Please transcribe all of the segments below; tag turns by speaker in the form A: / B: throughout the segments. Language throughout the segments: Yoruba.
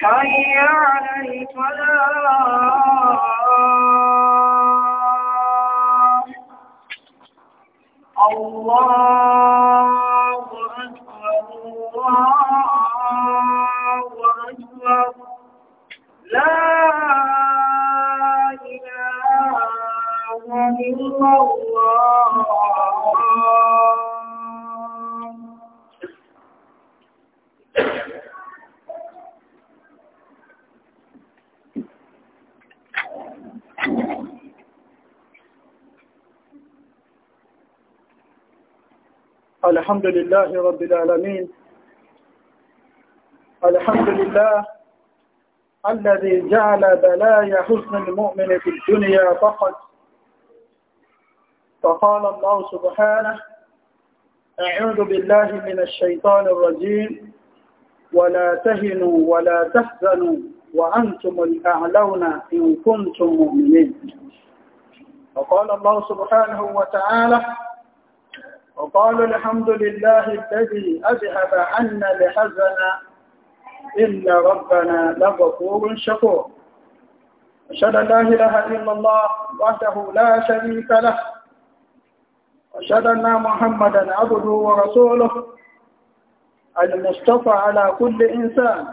A: حي على الفلاح الله أكبر الله أكبر لا إله إلا الله الحمد لله رب العالمين الحمد لله الذي جعل بلايا حسن المؤمن في الدنيا فقط فقال الله سبحانه أعوذ بالله من الشيطان الرجيم ولا تهنوا ولا تحزنوا وأنتم الأعلون إن كنتم مؤمنين وقال الله سبحانه وتعالى وقالوا الحمد لله الذي أذهب عنا لحزنا إن ربنا لغفور شكور أشهد أن لا إله إلا الله وحده لا شريك له أشهد أن محمدا عبده ورسوله المصطفى على كل إنسان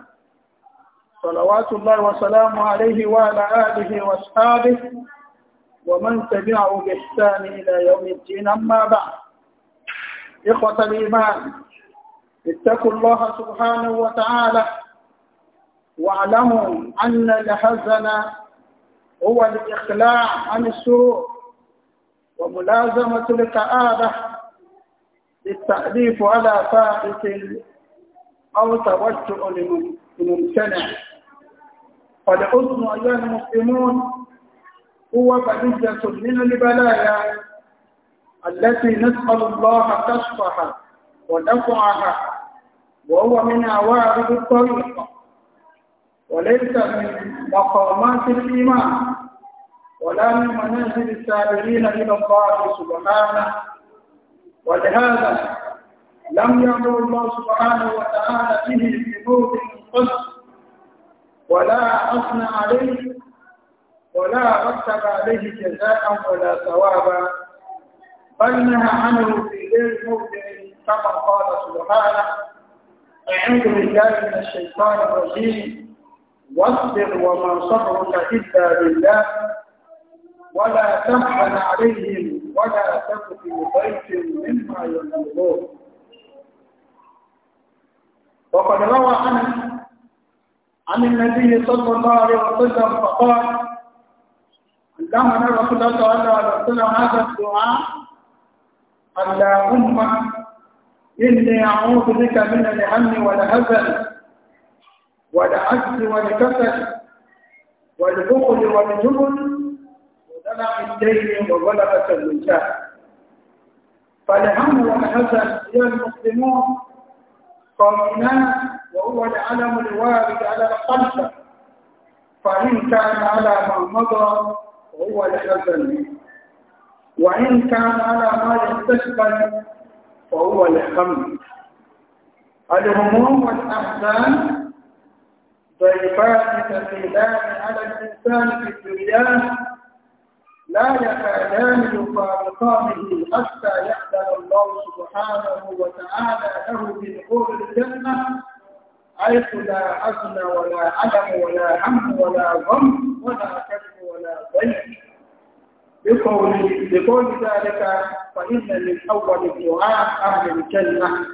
A: صلوات الله وسلامه عليه وعلى آله وأصحابه ومن تبعه بإحسان إلى يوم الدين أما بعد إخوة الإيمان اتقوا الله سبحانه وتعالى واعلموا أن الحزن هو الإخلاع عن السرور وملازمة الكآبة للتأليف على فائت أو توجع لممتنع فالحزن أيها المسلمون هو بلية من البلايا التي نسأل الله كشفها ودفعها وهو من عوارض الطريق وليس من مقامات الإيمان ولا من منازل السابقين إلى الله سبحانه ولهذا لم يأمر الله سبحانه وتعالى به في موضع ولا أثنى عليه ولا رتب عليه جزاء ولا ثوابا فانها عنه في غير موضع كما قال سبحانه اعوذ بالله من الشيطان الرجيم واصبر وما صبرك الا بالله ولا تحزن عليهم ولا تك في بيت مما يقولون وقد روى عن عن النبي صلى الله عليه وسلم فقال عندما رسول الله صلى الله عليه وسلم هذا الدعاء اللهم إني أعوذ بك من الهم والهزل والعجز والكسل والبخل والجبن ودلع الدين وغلبة الوجاه فالهم والهزل يا المسلمون قومنا وهو العلم الوارد على القلب فإن كان على ما مضى هو الحزن وإن كان على ما يستشبه فهو الحمد الهموم والأحزان ضيفات ثقيلان على الإنسان في الدنيا لا يكادان يفارقانه حتى يأذن الله سبحانه وتعالى له بدخول الجنة حيث لا حزن ولا ألم ولا هم ولا غم ولا كذب ولا ضيق بقول بقول ذلك فإن من أول دعاء أهل الجنة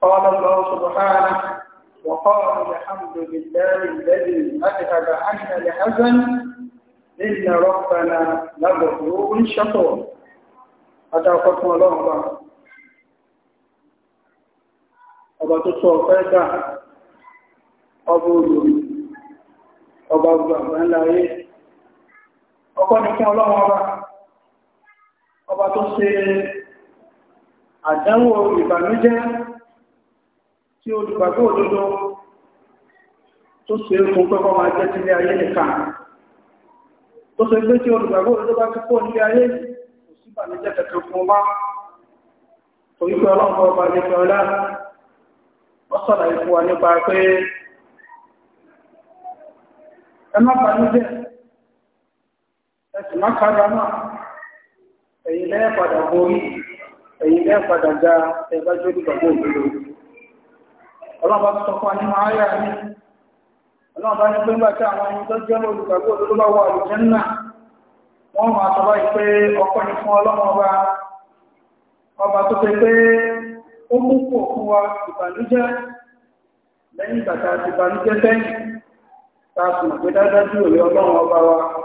A: قال الله سبحانه وقال الحمد لله الذي أذهب عنا الحزن إن ربنا لغفور شكور قسم الله ọba tó tọ́ ọ̀fẹ́ dà ọba olùrí ọba ńlá ayé ọkọ ní kí ọlọ́wọ́ ọba ọba tó ṣe àdánwò ìbànújẹ́ tí olùgbàgbọ́ òdodo tó ṣe fún pẹ́kọ́ máa jẹ́ ayé nìkan tó ṣe gbé tí olùgbàgbọ́ òdodo bá ti kó nílé ayé kò sí ìbànújẹ́ fún ọba torí pé ọlọ́wọ́ ọba ní ọlá wọ́n sọ̀rọ̀ nípa pé ẹ ẹ̀sìn má kára náà ẹ̀yìn lẹ́yìn padà borí ẹ̀yìn lẹ́yìn padà ga ẹ̀bá jó ní gbàgbọ́ òdodo ọlọ́ọ̀bá tó sọ fún anínú ayé àní ọlọ́ọ̀bá ní pé ńgbà tí àwọn ẹni tó jẹ́ olùgbàgbọ́ òdodo bá wà ọkọ fún ọba tó pe pé ó mú wa ìbànújẹ́ lẹ́yìn ìbànújẹ́ sẹ́yìn tá a sì mọ̀ pé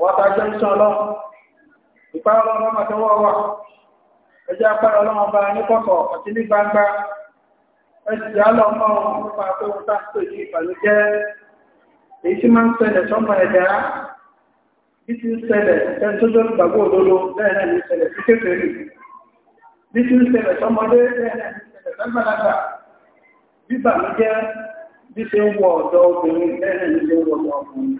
A: àwọn àtàjọ ń sàn lọ ìpáyọ̀ ọlọ́run máa tẹ́wọ́ wà ẹjẹ́ apáyọ̀ ọlọ́run bá ní kọ̀kọ̀ àti ní gbangba ẹsì àlọ́ mọ́ ohun nípa pé wọ́n tá pè ní ìbàlújẹ́ èyí tí máa ń ṣẹlẹ̀ sọ́mọ ẹ̀dá bí ti ń ṣẹlẹ̀ ẹni tó jọ́ ìgbàgbọ́ òdodo bẹ́ẹ̀ náà ní ṣẹlẹ̀ sí kékeré bí ti wọ ọ̀dọ́ obìnrin bẹ́ẹ̀ ní ṣe ń wọ ọ̀dọ́ ọkùnrin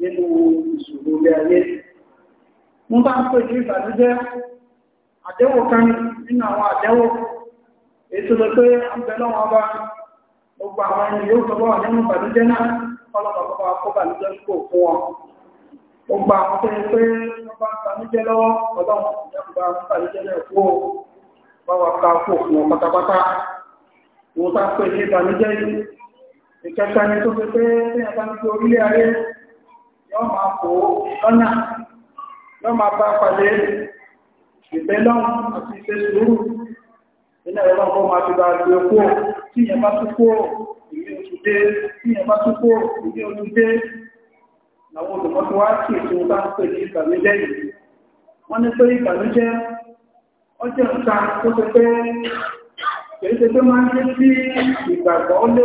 A: nínú ìṣòro ilé ayé. Wọ́n bá ń pè ní ìbànújẹ́ àdẹ́wò kan nínú àwọn àdẹ́wò ètò lọ pé àbẹ̀lọ́wọ́ ọba gbogbo àwọn ẹni yóò tọ́wọ́ nínú ìbànújẹ́ náà ọlọ́pàá kó bànújẹ́ kò fún wọn. Gbogbo àwọn tó ń pé wọ́n bá ń bànújẹ́ lọ́wọ́ ọlọ́run ìjọba ń bànújẹ́ náà kú ó bá wà pè ní ìbànújẹ́ yìí. Ìkẹta wọ́n máa lọ́nà lọ́ bá pàdé ìbẹ́lọ́n àti ìfẹ́ sùúrù iná ẹ̀rọ ọkọ̀ máa ti bá gbé kó tí ìyẹn bá tún ìwé oṣù tí ìyẹn bá tún ìwé oṣù àwọn olùmọ́tò wá sí bá ń pè ní ìbànújẹ́ yìí wọ́n ní pé ìbànújẹ́ ọjọ́ ìta tó ṣe pé kìí ṣe máa ń lé sí ìgbàgbọ́ lé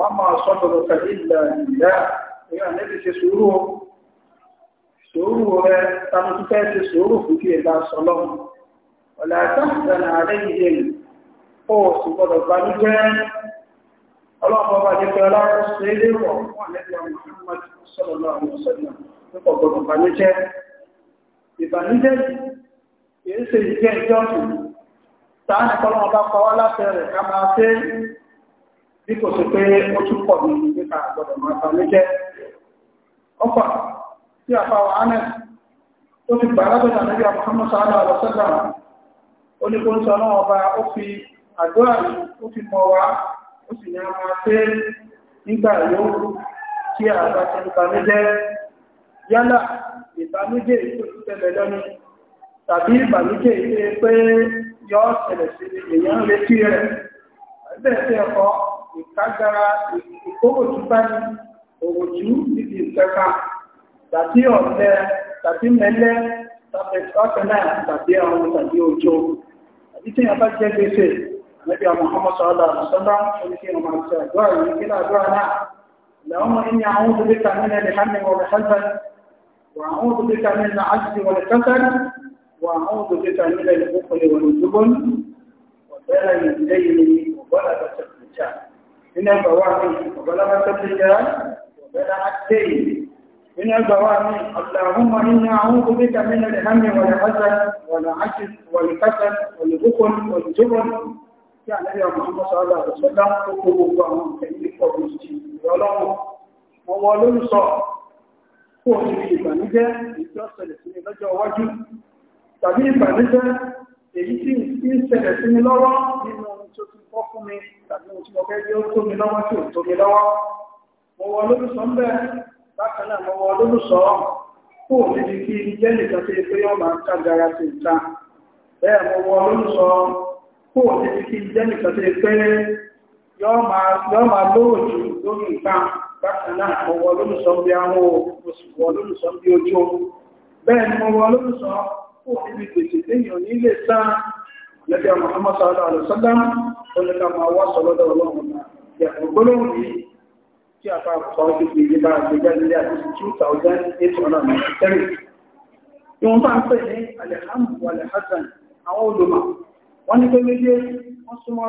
A: wọ́n máa sọ́dọ̀ lọ́kà ìlà ìyá ìyá níbi ṣe sùúrù o sùúrù rẹ tàbí tó fẹ́ ṣe sùúrù fún kí ẹ̀dá sọlọ́ ọ̀là àtàkùn àárẹ̀ yìí lè kó o sì gbọ́dọ̀ gba nígbẹ́ ọlọ́pàá bá jẹ́ pé ọlọ́pàá ṣe é léwọ̀ wọ́n lẹ́gbẹ̀ẹ́ àwọn ọmọ sọ̀rọ̀ lọ́wọ́ àwọn ọ̀sẹ̀dá nípa ìbànújẹ́ kìí ìjẹ́ ìjọ́sìn táà nípa ọlọ́pàá pa wá láti rẹ̀ ká máa ṣe bí kò sí pé ó tún pọ̀ nínú nípa àgbọ̀dọ̀ máa ta jẹ́ tí a wa tó gbà ó ní kó ọba ó fi àdúrà yìí ó fi mọ ó sì ní a máa nígbà yóò ti ń banújẹ́ yálà ìbànújẹ́ ètò ìtẹ̀lẹ̀ lọ́ni tàbí ìbànújẹ́ ètò pé yọ́ ṣẹlẹ̀ sí èèyàn rẹ̀ bẹ́ẹ̀ sí ìkágbára ìkókòtú báni òwòjú níbi ìpẹ́ka tàbí ọ̀tẹ tàbí mẹ́lẹ́ tàbẹ̀tọ́tẹ̀lá tàbí àwọn tàbí òjò àbí tí a bá jẹ́ gbèsè lẹ́bí àwọn وأعوذ بك من البخل والجبن وبلد الدين وبلد الرجال من البواكب وبلغت الرجال وبلغت الدين من البواكب اللهم إنا أعوذ بك من الهم والحزن والعجز والكسل والبخل والجبن kí àlẹ́rí ọmọ ọmọsọ́lá ọ̀sọ́lá tó kó gbogbo àwọn ìfẹ̀yìnlẹ́pọ̀ lóṣìí ìrọlọ́wọ́ ọwọ́ lórúsọ kó ní ìbànújẹ́ ìjọ́sẹ̀lẹ̀ sí tó ti bọ́ fún mi tàbí ohun tí mo fẹ́ bí ó tó mi lọ́wọ́ tí ò tó mi lọ́wọ́ mo wọ lólùsọ ń bẹ̀ bákan náà mo wọ lólùsọ kó níbi kí jẹ́ nìkan tó pé yóò máa ká gara sí ìta bẹ́ẹ̀ mo wọ lólùsọ kó níbi kí jẹ́ nìkan tó pé yóò máa lówó jù lórí ìta bákan náà mo wọ lólùsọ bí àwọn mo sì wọ lólùsọ bí ojú bẹ́ẹ̀ ni mo wọ lólùsọ kó níbi pèsè téèyàn nílé sáà lẹ́gbẹ̀ẹ́ Muhammad sallallahu alaihi wasallam ó ní ká máa wá sọlọ́dọ̀ ọlọ́run náà kí àwọn gbólóhùn yìí tí a bá kọ́ sí fi yé bá gbé jáde ní àti two thousand eight hundred and three ìwọ̀n bá ń pè ní alhamdu alhassan àwọn olùmọ̀ wọ́n ní pé méjèèjì wọ́n súnmọ́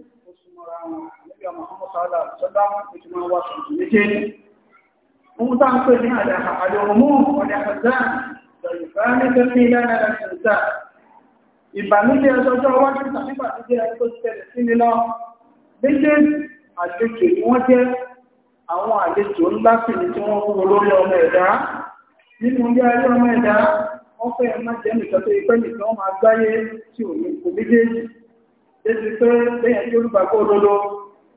A: àdébí ọmọ ọmọ sọ́lá sọ́lá wọn kò tún wá sọ̀tún méjèèjì ohun tá ń pè ní àdàkà àdòmọ́ ọ̀dà kàzán lọ́yìnbá ní kẹ́kẹ́ lára ṣẹ̀dá ìbànújẹ́ ọjọ́jọ́ wájú tàbí ìbànújẹ́ ẹni tó ṣẹlẹ̀ sí ni lọ méjèèjì àlejò ni wọ́n jẹ́ àwọn àlejò ńlá sì ni tí wọ́n ń wo lórí ọmọ ẹ̀dá nínú ilé ayé ọmọ ẹ̀dá wọ́n fẹ́ má jẹ́ nìkan tó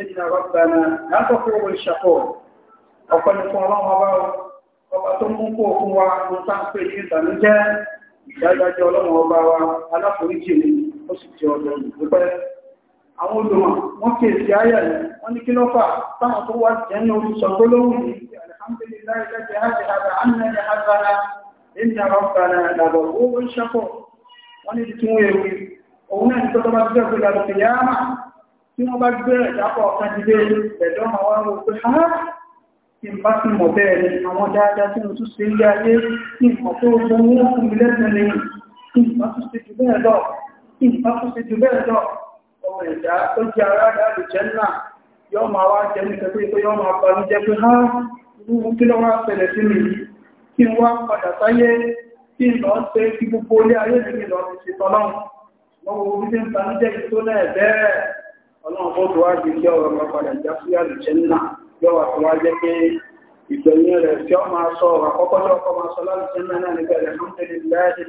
A: إن ربنا لا تقوم الشقور ọ̀pẹ́ni fún ọlọ́run ọba ọba tó mú kó fún wa ló tá ń pè ní ìtànújẹ́ ìdájájọ́ ọlọ́run ọba wa aláforíjì ni ó sì ti ọ̀dọ̀ ìgbẹ́pẹ́ àwọn olùmọ̀ wọ́n kí èsì ayà yìí wọ́n ní kí ló fà táwọn tó wá jẹ́ ní olùsọ tó lóhùn ní alihamdulilayi lẹ́jẹ̀ hajj hada anẹ́lẹ̀ hajjara ẹ̀yìn àwọn ọ̀gbàrà ìdàbọ̀ owó ń ṣẹ́pọ̀ wọ́n ní tí wọ́n ewu òun náà ní tọ́tọ́ bá ti jẹ́ pé lálùfẹ́ yáàmà tí wọ́n bá gbé ẹ̀dápọ̀ ọ̀kan ti dé ẹ̀dọ́ àwọn ọmọ pé ha tí n bá ti mọ̀ bẹ́ẹ̀ ni àwọn dáadáa tí mo tún ṣe ilé ayé tí nǹkan tó ní wọ́n fún mi lẹ́sẹ̀ ni tí n bá tún ṣe jù bẹ́ẹ̀ lọ tí n bá tún ṣe jù bẹ́ẹ̀ lọ ọmọ ẹ̀dá tó jẹ́ ara rẹ̀ àlùjẹ́ náà yọ́ máa wá jẹ́ nípa pé yọ́ máa bá mi jẹ́ pé ha ọlọ́run kó tó wá di kí ọ̀rọ̀ máa padà já sí àlùjẹ́ náà yọ wà tó wá jẹ́ pé ìgbẹ̀yìn rẹ̀ tí ó máa sọ ọ̀rọ̀ àkọ́kọ́ tí ọkọ̀ máa sọ láti lẹ́bì láti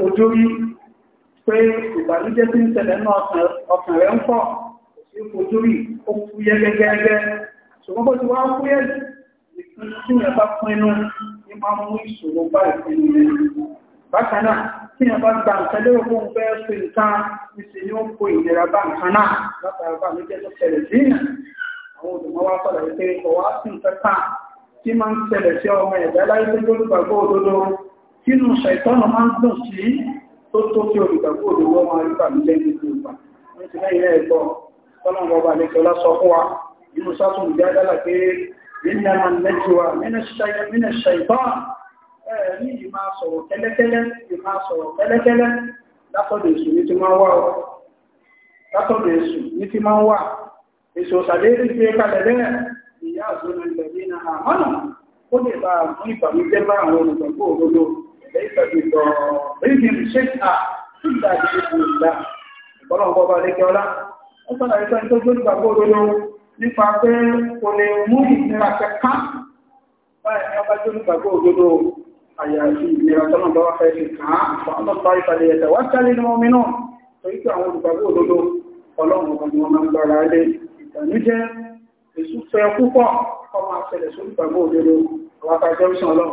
A: ní wọ́n pé ìbànújẹ́ tí ń tẹ̀lẹ̀ náà ọkàn rẹ̀ ń pọ̀ sí fojú rí ó fúyẹ́ gẹ́gẹ́gẹ́ ṣùgbọ́n bó ti wá fúyẹ́ tí wọ́n bá pinnu ní máa mú ìṣòro bá ìpinnu rẹ̀ bákan náà tí wọ́n bá gba nǹkan lérò fún un fẹ́ fi nǹkan níṣẹ́ ni ó kó ìlera bá nǹkan náà látara ìbànújẹ́ tó tẹ̀lẹ̀ sí ìyàn àwọn olùmọ̀ wá padà wípé ọwọ́ á sì ń fẹ́ kàn tí máa ń tẹ̀lẹ̀ sí ọmọ ẹ̀dá láyé tó gbólúgbàgbọ́ òdodo kínú ṣàìtọ́nà máa ń dùn sí tó tó kí olùgbàgbọ́ òdòwò máa rí bà mí lẹ́yìn ìlú ìgbà nítorí lẹ́yìn ẹ̀gbọ́ tọ́lọ́mọ ọba àlejò lásọ fún wa nínú sátún ìdí adálà pé nínú ẹ̀mà mẹ́jọ wa nínú ṣàìbá ní ìmá sọ̀rọ̀ kẹ́lẹ́kẹ́lẹ́ ìmá sọ̀rọ̀ kẹ́lẹ́kẹ́lẹ́ látọ̀dọ̀ èṣù ní ti máa wà ọ́ látọ̀dọ̀ èṣù ní ti máa wà èṣù ṣàdéédé gbé kalẹ̀ lẹ́ẹ̀ ìyá àzọ́nà ilẹ̀ ليس بضارهم شيئا إلا بإذن الله ìbọ́lọ̀ ọgbọ́ bá lékẹ́ ọlá ó sọ́nà ìsọ́ tó tó gbàgbọ́ òdodo nípa pé kò lè mú ìnira kẹka báyìí ọba tó gbàgbọ́ òdodo àyàfi ìnira tọ́nà bá wá fẹ́ fi kàn án fún ọmọ sọ ìfàlẹ̀ ẹ̀sẹ̀ wá kẹ́lẹ́ ní ọmọ náà torí pé àwọn olùgbàgbọ́ òdodo ọlọ́run ọba ni wọ́n máa ń gbára lé ìtànújẹ́ èsù fẹ́ púpọ̀ ọmọ àṣẹlẹ̀ sólùgbàgbọ́ òdodo àwọn àtàjẹ́ òṣèlú ọlọ́run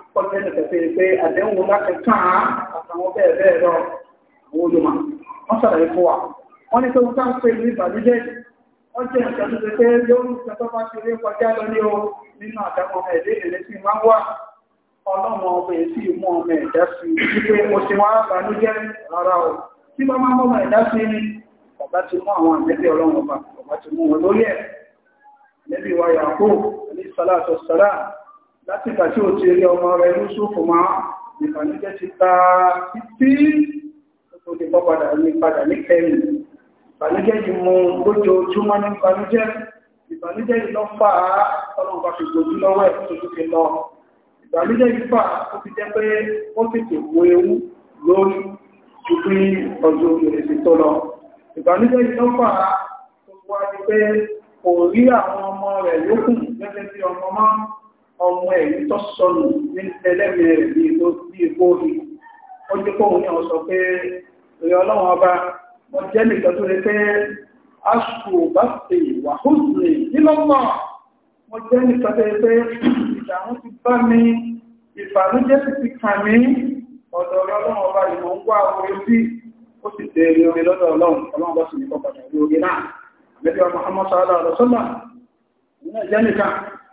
A: kọ́tẹ́ nìkẹ́tẹ́ pé àdéhùn wọn láti kàn án àtàwọn bẹ́ẹ̀ bẹ́ẹ̀ lọ àwọn olùmọ̀ wọ́n ṣàlàyé fún wa wọ́n ní pé wọ́n sáà ń pè ní ìbàlújẹ́ wọ́n jẹ́ nǹkan tó ṣe pé lórí ìṣẹ́ tó bá ti rí kọjá lọ ní o nínú àdámọ́ ọmọ ẹ̀dẹ́ ìrẹ̀lẹ́ sí máa ń wà ọlọ́run ọmọ èsì ìmú ọmọ ẹ̀dá sí wípé o ti wá bànújẹ́ rárá o tí bá máa ń mọ́mọ ẹ̀dá sí ni ọ̀gá ti mú àwọn àmẹ́bí ọlọ́run ọba ọ̀gá ti mú wọn lórí ẹ̀ lẹ́bí wa yàkó ní sàlátọ̀ sàlátọ̀ láti ìgbà tí ó ti rí ọmọ rẹ̀ Yúsúfù máa ìbànújẹ́ ti ta títí tó ti pọ́padà ní padà ní kẹrin ìbànújẹ́ yìí mú lójoojúmọ́ ní ìbànújẹ́ ìbànújẹ́ yìí lọ fà á ọlọ́run bá fi gbòjú lọ́wọ́ ẹ̀ tó ti lọ ìbànújẹ́ yìí fà á ó fi jẹ́ pé ó tètè wo ewu lórí ju bí ọjọ́ àwọn ọmọ rẹ̀ yókù gẹ́gẹ́ bí ọmọ máa ọmọ ẹ̀yí tó sọnù ní ẹlẹ́mìí rẹ̀ bí tó bí ipò rí ó jẹ́ kóhun ní ọ̀sọ̀ pé èrè ọlọ́run ọba mo jẹ́ nìkan tó lè pé aṣù bá ṣe wà hùsùn nílọ́pọ̀ mo jẹ́ nìkan tó lè pé ìdààmú ti bá mi ìbànújẹ́ sì ti kà mí ọ̀dọ̀ ọlọ́run ọba ìmọ̀ ń wá orí sí ó sì tẹ ẹ̀rí orin lọ́dọ̀ ọlọ́run ọlọ́run bá sì ní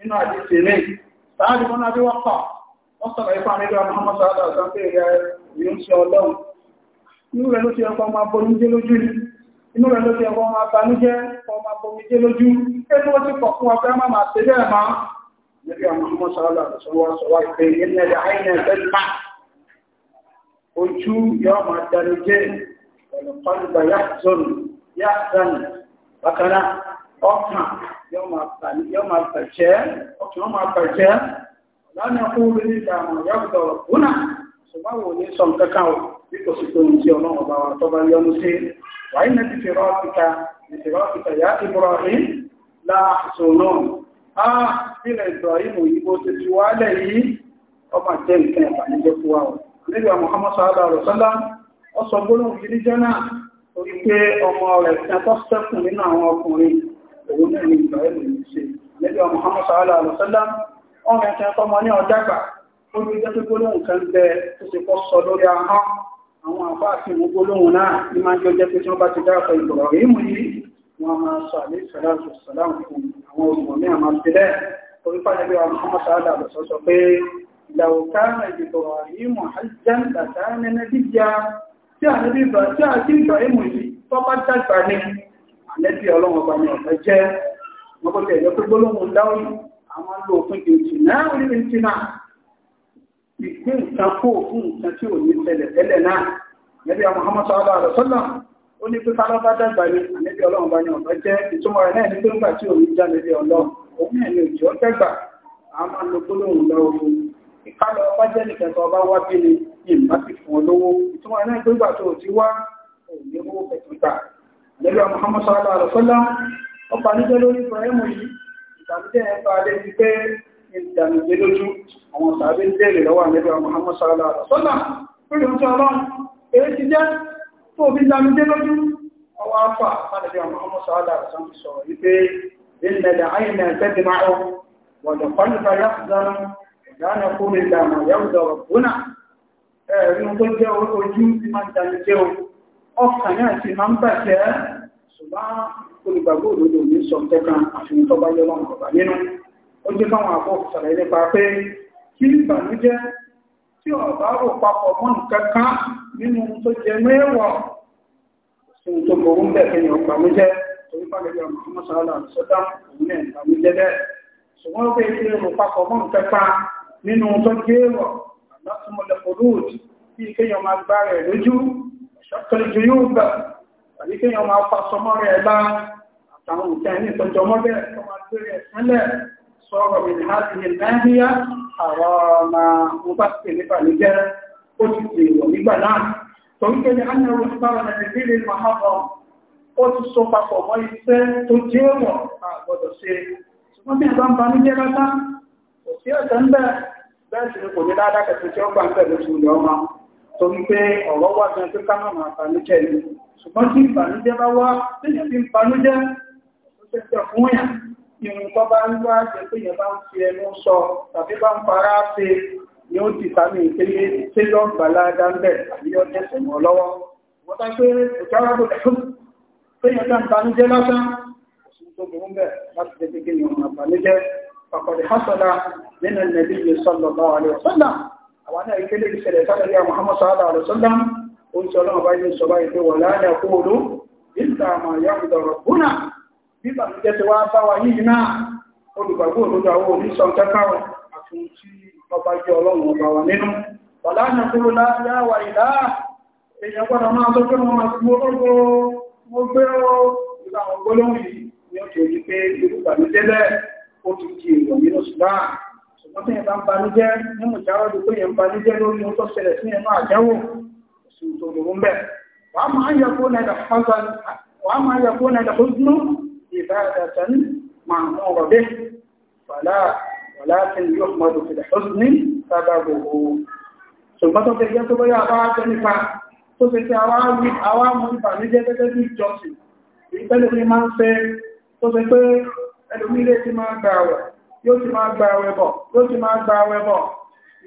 A: nínú àdíṣe ní sáàdì mọ́nà bí wọ́n pà wọ́n sọ̀rọ̀ ipá nílò Muhammad sáàdà sáńpé rẹ̀ yóò ṣe ọlọ́run inú rẹ̀ ló ti ẹ̀kọ́ máa bonújẹ́ lójú inú rẹ̀ ló ti ẹ̀kọ́ máa banújẹ́ ọmọ abomijẹ́ lójú ẹni wọ́n ti pọ̀ fún ọpẹ́ máa máa ṣe bẹ́ẹ̀ máa níbi Muhammad sáàdà pẹ̀lú pàlùbà yá zọ́nù yá zọ́nù bákanáà ọkàn yóò máa bàjẹ́ ọkùnrin wọn máa bàjẹ́ lánàá fún mi nígbà àwọn ìyá ọ̀dọ̀ ọ̀gbọ́nà ṣùgbọ́n wò ní sọ nǹkan kan o bí kò sí pé ohun tí ọlọ́run bá wa tó bá yọnu sí wàyí náà ti fi rọ́ ọ̀kìta ti rọ́ ọ̀kìta yá Ibrahim láàṣọ náà á sílẹ̀ Ibrahim òyìnbó ti fi wálẹ̀ yìí ọmọ jẹ́ nǹkan ìbànújẹ́ fún o Muhammad sallallahu alaihi wasallam ọsọ gbólóhùn yìí níjọ́ náà torí pé ọmọ rẹ̀ tẹ́tọ́ sẹ́kùn nínú òun náà ní ìgbà ẹ̀rù ní ṣe Muhammad sallallahu alaihi wasallam ọmọ ẹ̀kẹ́ tọmọ ní ọjàgbà ó ní jẹ́ tó gbólóhùn kan bẹ tó ṣe kọ́ sọ lórí ahọ́n àwọn àbá àti ìwọ̀n gbólóhùn náà ní máa ń jọ jẹ́ pé tí wọ́n bá ti dáàbò ìgbọ̀rọ̀ rí yìí wọ́n máa Muhammad sallallahu alaihi wasallam sọ pé ìlàwòká ìgbọ̀rọ̀ rí mú àjẹ́ ńlá sáà nẹ́nẹ́ dídíà tí àti ìgbà tí àti ìgbà ní àlẹ́bí ọlọ́run ọba ní ọ̀fẹ́ jẹ́ wọ́n kọ́ tẹ̀lé pé gbólóhùn dáhùn àwọn lò fún ìdèjì náà orí mi ti náà ìgbé nǹkan kó fún nǹkan tí ò ní tẹ́lẹ̀ tẹ́lẹ̀ náà àlẹ́bí àwọn ọmọ sọ́ọ́bà rẹ̀ sọ́nà ó ní pípa lọ́ba dàgbà ni àlẹ́bí ọlọ́run bá ní ọ̀fẹ́ jẹ́ ìtumọ̀ rẹ̀ náà ní pé nígbà tí ò ní já lẹ́bí ọlọ́run òun náà ní òjò dàgbà a máa lo gbólóhùn lọ́wọ́ fún ìkálọ̀ ọba jẹ́ nìkan tó ọba wá bí ni ìmọ̀ sì fún ọ lówó ìtumọ̀ rẹ̀ náà nígbà tó ò ti wá òun ní owó pẹ̀tùgbà lẹ́gbẹ́ Muhammad sallallahu alaihi wasallam ọba níjẹ́ lórí Ibrahim yìí ìdàmújẹ́ ẹ̀fà alẹ́ ti pé ìdàmújẹ́ lójú àwọn sàbẹ̀ ń lọ́wọ́ lẹ́gbẹ́ Muhammad sallallahu alaihi wasallam lórí oúnjẹ ọlọ́run èyí ti jẹ́ tó fi ìdàmújẹ́ lójú ọwọ́ Muhammad sallallahu alaihi wasallam sọ̀rọ̀ wípé ìnẹ̀lẹ̀ àyìnà ẹ̀fẹ́ ti máa ọ wọ̀dọ̀ pálífà yàtúndánù ìdáná kó mi dàmà yàtúndà ọ̀gbọ́nà ẹ̀rí ọkàn náà ti máa ń bàjẹ́ ṣùgbọ́n olùgbàgbọ́ òdodo ní sọ tẹ́kan àfihàn tó bá yọlọ́n ọ̀bà nínú ó jẹ́ káwọn àbọ̀ sàlàyé nípa pé kí ìbànújẹ́ tí ọ̀bá rò papọ̀ mọ́ nǹkan kan nínú tó jẹ mẹ́wọ̀ sí tó ború ń bẹ̀ẹ̀ ní ọ̀pàmújẹ́ torí pàgẹ́gẹ́ ọmọ sàlà sọ́dá òun náà ìbànújẹ́ bẹ́ẹ̀ ṣùgbọ́n ó ṣàtọ̀lẹ̀jù yóò gbà tàbí kí èèyàn máa fa sọmọ́ rẹ̀ bá àtàwọn òkè ní ìtọ́jọ mọ́ bẹ́ẹ̀ tó máa gbé rẹ̀ sẹ́lẹ̀ sọ̀rọ̀ mi nìha ti ní nàìjíríà àwọn ọmọ mo bá ti nípa ní jẹ́ ó ti ti wọ̀ nígbà náà torí pé ní ánàrò ìbára nàìjíríà ní mahamọ ó ti so papọ̀ mọ́ iṣẹ́ tó jẹ́ wọ̀ àgbọ̀dọ̀ ṣe ṣùgbọ́n bí ìbá ń ba ní jẹ́ lásán kò sí ẹ̀sẹ̀ ń bẹ́ẹ̀ bẹ́ẹ̀ sì ni kò ní dáadáa torí pé ọ̀rọ̀ wà jẹ́ pé káàmà máa bànújẹ́ ni ṣùgbọ́n tí ìbànújẹ́ bá wá tẹ́jẹ́ bí ìbànújẹ́ ó tẹ́jẹ́ fún yà ìrùn tó bá ń wá jẹ́ pé yẹn bá ń fi ẹnu sọ tàbí bá ń fara ṣe ni ó ti sàmì ìpele tẹ́jọ́ gbàládá ń bẹ̀ àbí ó jẹ́ sẹ̀mọ́ lọ́wọ́ wọ́n tá pé òjára bò lẹ́fún hásọ̀lá nínú ẹ̀nẹ́bí yìí sọ́lọ̀ bá àwọn náà ìkéde ìṣẹ̀lẹ̀ sábẹ̀lẹ̀ àwọn Muhammad sallallahu alaihi wasallam ó ń sọ ọlọ́run bá yín sọ báyìí pé wọ̀lá ní ọkọ̀ olú nígbà àmà ìyá ìdọ̀rọ̀ búnà nígbà tó jẹ́ ti wá bá wa yìí náà olùgbàgbọ́ òdodo àwọn oníṣọ́ kẹ́kọ̀ọ́ àtún tí ọba jẹ́ ọlọ́run ọba wa nínú wọ̀lá ní ọkọ̀ olú láyáwà ìdá èèyàn gbọ́dọ̀ máa tó ṣùgbọ́n tí ẹ̀bá ń banújẹ́ ní mùjáwọ́dù pé yẹn banújẹ́ lórí ohun tó ṣẹlẹ̀ sí ẹnu àjẹ́wò òṣùn tó lòrò ń bẹ̀. wà á máa yẹ fún ẹ̀dà fọ́nù ìbáradàtàn máa mú ọ̀rọ̀ dé wàlá wàlá tí yóò mọ́dù fìdà ọdún ní sábà gbogbo ṣùgbọ́n tó fẹ́ jẹ́ tó bóyá àbá tẹ́ nípa tó fẹ́ tí àwa mú ìbànújẹ́ gẹ́gẹ́ bí ìjọsìn ìpẹ́lẹ̀ ní máa ń fẹ́ tó fẹ́ pé ẹlòmílẹ̀ ti máa gbà wà yóò ti máa gba ẹwẹ́ bọ̀ yóò ti máa gba ẹwẹ́ bọ̀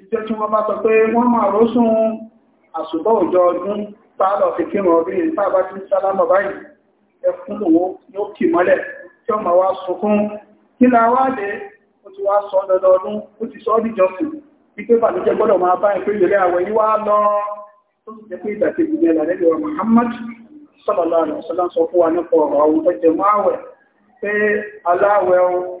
A: ìjọ tí wọ́n bá sọ pé wọ́n máa ró sún àṣùbọ̀ òjò ọdún pàálọ̀ fi kírun ọdún yìí tá a bá ti ń sálámọ̀ báyìí ẹkún lòwó yóò kì mọ́lẹ̀ tí ọmọ wa sunkún kí la wá dé ó ti wá sọ ọdọọdún ó ti sọ ọ́ dìjọsìn wípé bàlújẹ́ gbọ́dọ̀ máa bá ìpé ìrẹ́ àwẹ̀ yìí wá lọ tó sì jẹ́ pé ìdàkejì ní ẹ̀là lẹ́yìn Muhammad sallallahu alaihi wasallam sọ fún wa nípa ọ̀rọ̀ àwọn tó jẹ mọ́ àwẹ̀ pé aláwẹ̀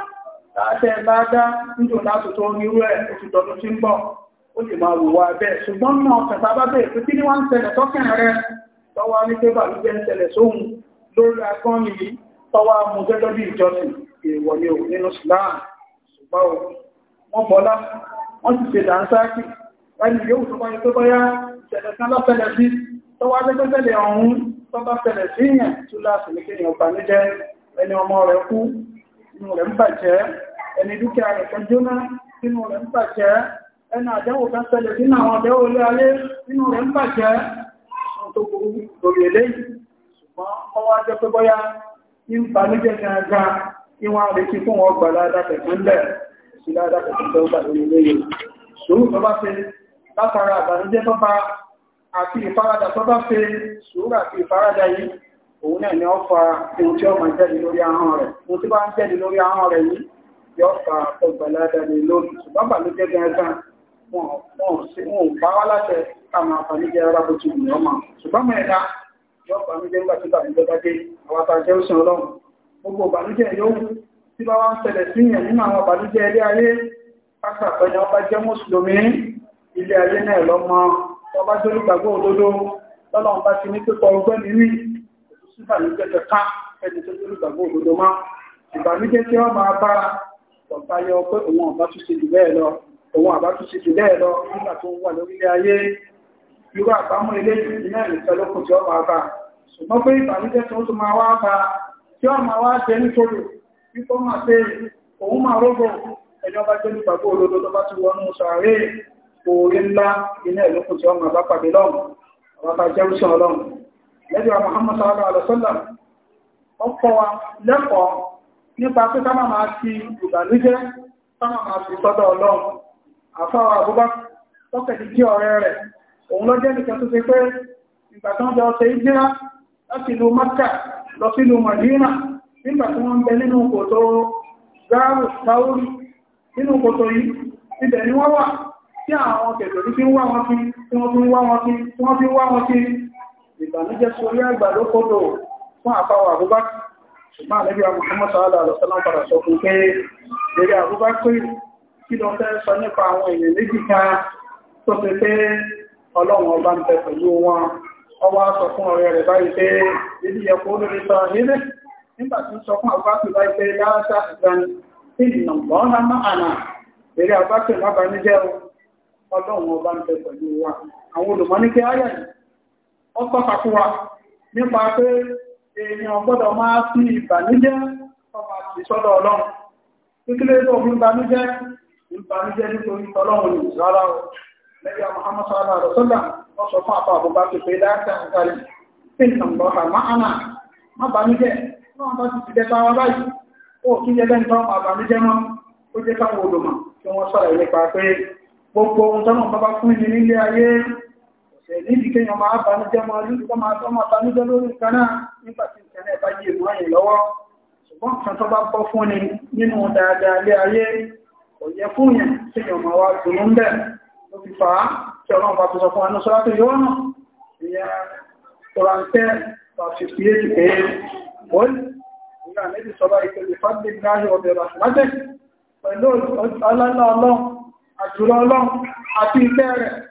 A: láàtẹ̀ bá dá níjò láti tó ní irú ẹ̀ oṣù tọ́tún tí ń bọ̀ ó sì máa wùwà bẹ́ẹ̀ ṣùgbọ́n náà kẹta bá bẹ̀rẹ̀ pé kí ni wọ́n ń ṣẹlẹ̀ tọ́kàn rẹ tọ́wọ́ ní pé bàlújẹ́ ń ṣẹlẹ̀ sóhun lórí akọ́ni yìí tọ́wọ́ mú gẹ́gẹ́ bí ìjọsìn èèwọ̀ ni òun nínú Islam ṣùgbọ́n wọ́n bọ́lá wọ́n sì ṣe dàńsáàkì ẹni yóò tó báyé tó bọ́yá ìṣẹ̀lẹ̀ kan lọ́fẹ̀lẹ̀ sí tọ́wọ́ adẹ́gbẹ́sẹ̀lẹ̀ ọ̀hún tọ́ bá ṣẹlẹ̀ sí yẹn túláàsì ní kí ni ọ̀pá níjẹ́ ẹni ọmọ rẹ̀ kú inú rẹ̀ ń bàjẹ́ ẹni dúkìá rẹ̀ kan jóná inú rẹ̀ ń bàjẹ́ ẹni àdẹ́wò kan ṣẹlẹ̀ sínú àwọn àdẹ́wò ilé ayé inú rẹ̀ ń bàjẹ́ tó burú lórí eléyìí ṣùgbọ́n ọwọ́ ajẹ́ pé bọ́yá ń balújẹ́ ní aga ìwọ̀n àrètí fún wọn gbà ládàkẹ̀ tó ń òun náà ni ó fa ohun tí ó máa jáde lórí ahọ́n rẹ̀ ohun tí bá ń jáde lórí ahọ́n rẹ̀ yìí yóò fa ọgbà ládàáni lórí ṣùgbọ́n bàlújẹ́ gangan wọn ò bá wá láṣẹ káàmà àbànújẹ́ rárá bó ti wù ọ́ mà ṣùgbọ́n mẹ́ta yóò bànújẹ́ nígbà tí bàlújẹ́ bá dé àwọn àtàjẹ́ òsìn ọlọ́run gbogbo bàlújẹ́ yóò tí bá wá ń ṣẹlẹ̀ sí yẹn nínú àwọn bàlújẹ́ ilé ayé pásítà pẹ̀lú ọba jẹ́ mùsùlùmí ìbànújẹ́ tẹ ká ẹni tó dúró gbàgbọ́ òdodo mọ́ ìbànújẹ́ tí wọ́n máa bára ọ̀tá yọ pé òun àbá tún ṣe jù bẹ́ẹ̀ lọ òun àbá tún ṣe jù bẹ́ẹ̀ lọ nígbà tó ń wà lórílẹ̀ ayé irú àbámọ̀ ilé ìrìnà ìfẹ́ lókun tí wọ́n máa bá ṣùgbọ́n pé ìbànújẹ́ tí wọ́n tún máa wá bá tí wọ́n máa wá jẹ nítorí wípọ́ máa pé òun máa rógbò ẹni ọba jẹ́ nígbàgbọ́ òdodo tó bá ti wọnú sàárè òòrè ńlá iná ìlókun tí wọ́n máa bá pàdé lọ́run àwọn bá jẹ́ ẹjọ́ Muhammad sallallahu alaihi wasallam ọkọ̀ wa nípa pé ká máa fi ìbànújẹ́ ká máa fi sọ́dọ̀ ọlọ́run àfáwà àbúbá tọ́kẹ̀tì kí ọ̀rẹ́ rẹ̀ òun lọ jẹ́ nìkan tó fi pé ìgbà tán jọ ṣe ìjírá láti ìlú Makka lọ sí ìlú Madina nígbà tí wọ́n ń bẹ nínú kòtò gáàrù nínú kòtò yìí ibẹ̀ ni wọ́n wà tí àwọn kẹ̀tọ̀ tí wọ́n fi wá wọn ìbànújẹ́ sórí àgbà ló kọ́dọ̀ fún àpáwọ̀ àbúbákì ṣùgbọ́n àlẹ́bí Muhammad sallallahu alaihi wasallam padà sọ fún pé eré àbúbákì kí lọ fẹ́ sọ nípa àwọn èèyàn méjì kan tó fi pé ọlọ́run ọba ń bẹ pẹ̀lú wọn ọwọ́ sọ fún ọ̀rẹ́ rẹ̀ báyìí pé ibi yẹ kó lórí sọ nílé nígbà tí sọ fún àbúbákì báyìí pé láàṣà ìgbani tí ìnàmbọ́n lámà àná eré àbúbákì má banújẹ́ ọlọ́run ọba ń bẹ pẹ̀lú wa àwọn olùmọ́ ní kí áyà yìí ó tọ́ka fún wa nípa pé èèyàn gbọ́dọ̀ máa fi ìbànújẹ́ ọmọ àti sọ́dọ̀ ọlọ́run kíkílé tó fi ìbànújẹ́ ìbànújẹ́ nítorí ọlọ́run ní rárá o lẹ́yìn Muhammad sallallahu alaihi wasallam wọ́n sọ fún àpá àbúgbà tó pé láti àǹkárí tí nǹkan bọ́ ha máa nà má bànújẹ́ náà bá ti ti dẹ́ta wa báyìí ó tún yẹ lẹ́nu tó máa bànújẹ́ mọ́ ó jẹ́ káwọn olùmọ̀ tí wọ́n sọ̀rọ̀ nípa pé gbogbo ohun tọ́nà bá bá fún ní ayé níbi kéèyàn máa banújẹ́ máa lórí tó máa tọ́mọ banújẹ́ lórí nǹkan náà nígbà tí nǹkan náà bá yí èmú àyè lọ́wọ́ ṣùgbọ́n kan tó bá bọ́ fún ni nínú dáadáa lé ayé kò yẹ fún yẹn kéèyàn máa wá dùnú ń bẹ̀ ló fi fà á tí ọlọ́run bá tó sọ fún anúṣọ́ láti yọ ọ̀nà ìyẹn kòrántẹ́ bá fi fi èjì pé wọ́n nígbà méjì sọ bá ìpele fábí láyé ọbẹ̀ rà pẹ̀lú ọlọ́run àjùlọ àti ìfẹ́ rẹ̀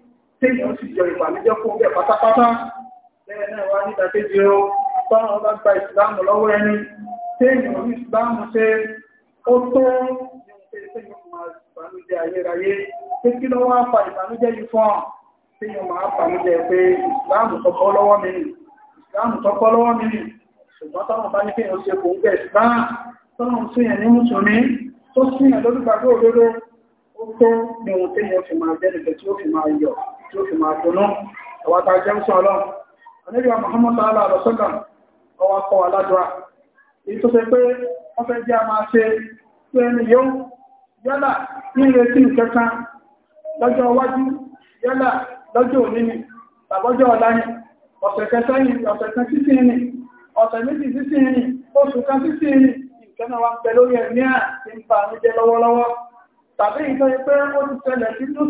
A: téèyàn sì jọ ìbànújẹ́ fún bẹ́ẹ̀ pátápátá bẹ́ẹ̀ náà wá níta kéjì o tọ́nà bá gba ìsìláàmù lọ́wọ́ ẹni téèyàn ní ìsìláàmù ṣe ó tó ìbànújẹ́ ayérayé pé kí ló wá fa ìbànújẹ́ yìí fún ọ téèyàn máa bànújẹ́ pé ìsìláàmù tọkọ lọ́wọ́ mi nì ìsìláàmù tọkọ lọ́wọ́ mi nì ṣùgbọ́n tọ́nà bá ní kéèyàn ṣe kò ń bẹ̀ ìsìláàmù tọ́nà ń sún yẹn ní mùsùlùmí tó sún yẹn lórúkọ àgbẹ̀ òdodo ó tó ní ohun tí ó fi máa dúnú ọwátá jẹ́mùsùn ọlọ́run onígbà Muhammad sallallahu alaihi wasallam ala kọ́ aládùá èyí tó fẹ́ pé wọ́n ṣe ní lọ́jọ́ iwájú yálà lọ́jọ́ òní ni tàbọ́jọ́ ọ̀la ni ọ̀sẹ̀ kẹta ọ̀sẹ̀ kan sísìn ni ọ̀sẹ̀ méjì sísìn ni oṣù kan sísìn ni ìkẹ́nà wa ẹ̀mí à lọ́wọ́lọ́wọ́ tàbí ìtọ́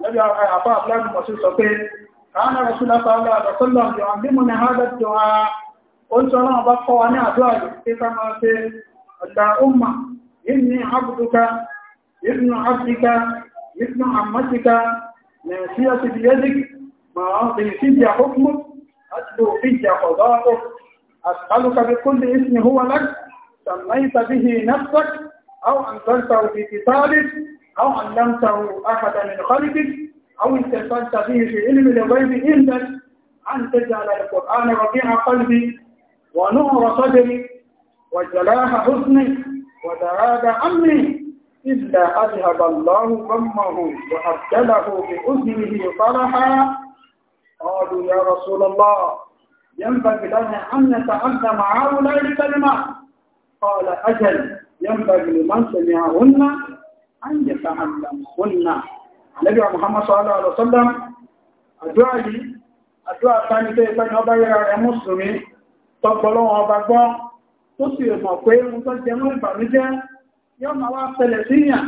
A: Nabi Afa Abdullahi Mọ̀sí sọ pé, Kàánà Rasulá Fáwọlá Àdọ̀sọ́lọ̀ yọ̀ bí mo ní hádà tó a ó sọ náà bá kọ́ wa ní àdúrà yìí pé ká máa ṣe ọ̀dà ọmọ ìní àbùdùkà ìbùnú àfíríkà ìbùnú àmọ́síkà nàìjíríà ti di yẹ́dìk màá fi ìfíjà hókùnmù àti lò fíjà ọ̀dọ́ ọ̀dọ́ أسألك بكل اسم هو لك سميت به نفسك أو أنزلته في كتابك أو علمته أحدا من خلقك أو اتصلت به في علم الغيب إنك أن تجعل القرآن ربيع قلبي ونور صدري وجلاء حزني وذهاب أمري إلا أذهب الله غمه وأبدله بأذنه صلحا قالوا يا رسول الله ينبغي لنا أن مع هؤلاء الكلمات قال أجل ينبغي لمن سمعهن an yẹ ta'allam sunna alẹ́bí wa muhammad sallallahu alaihi wasallam àdúrà yìí àdúrà tání tó ẹgbẹ́ ní ọba yẹra rẹ̀ mùsùlùmí tọgbọ́lọ́ ọba gbọ́ tó sì mọ̀ pé ohun tó jẹ mọ́ ìbànújẹ́ yóò máa wá ṣẹlẹ̀ síyàn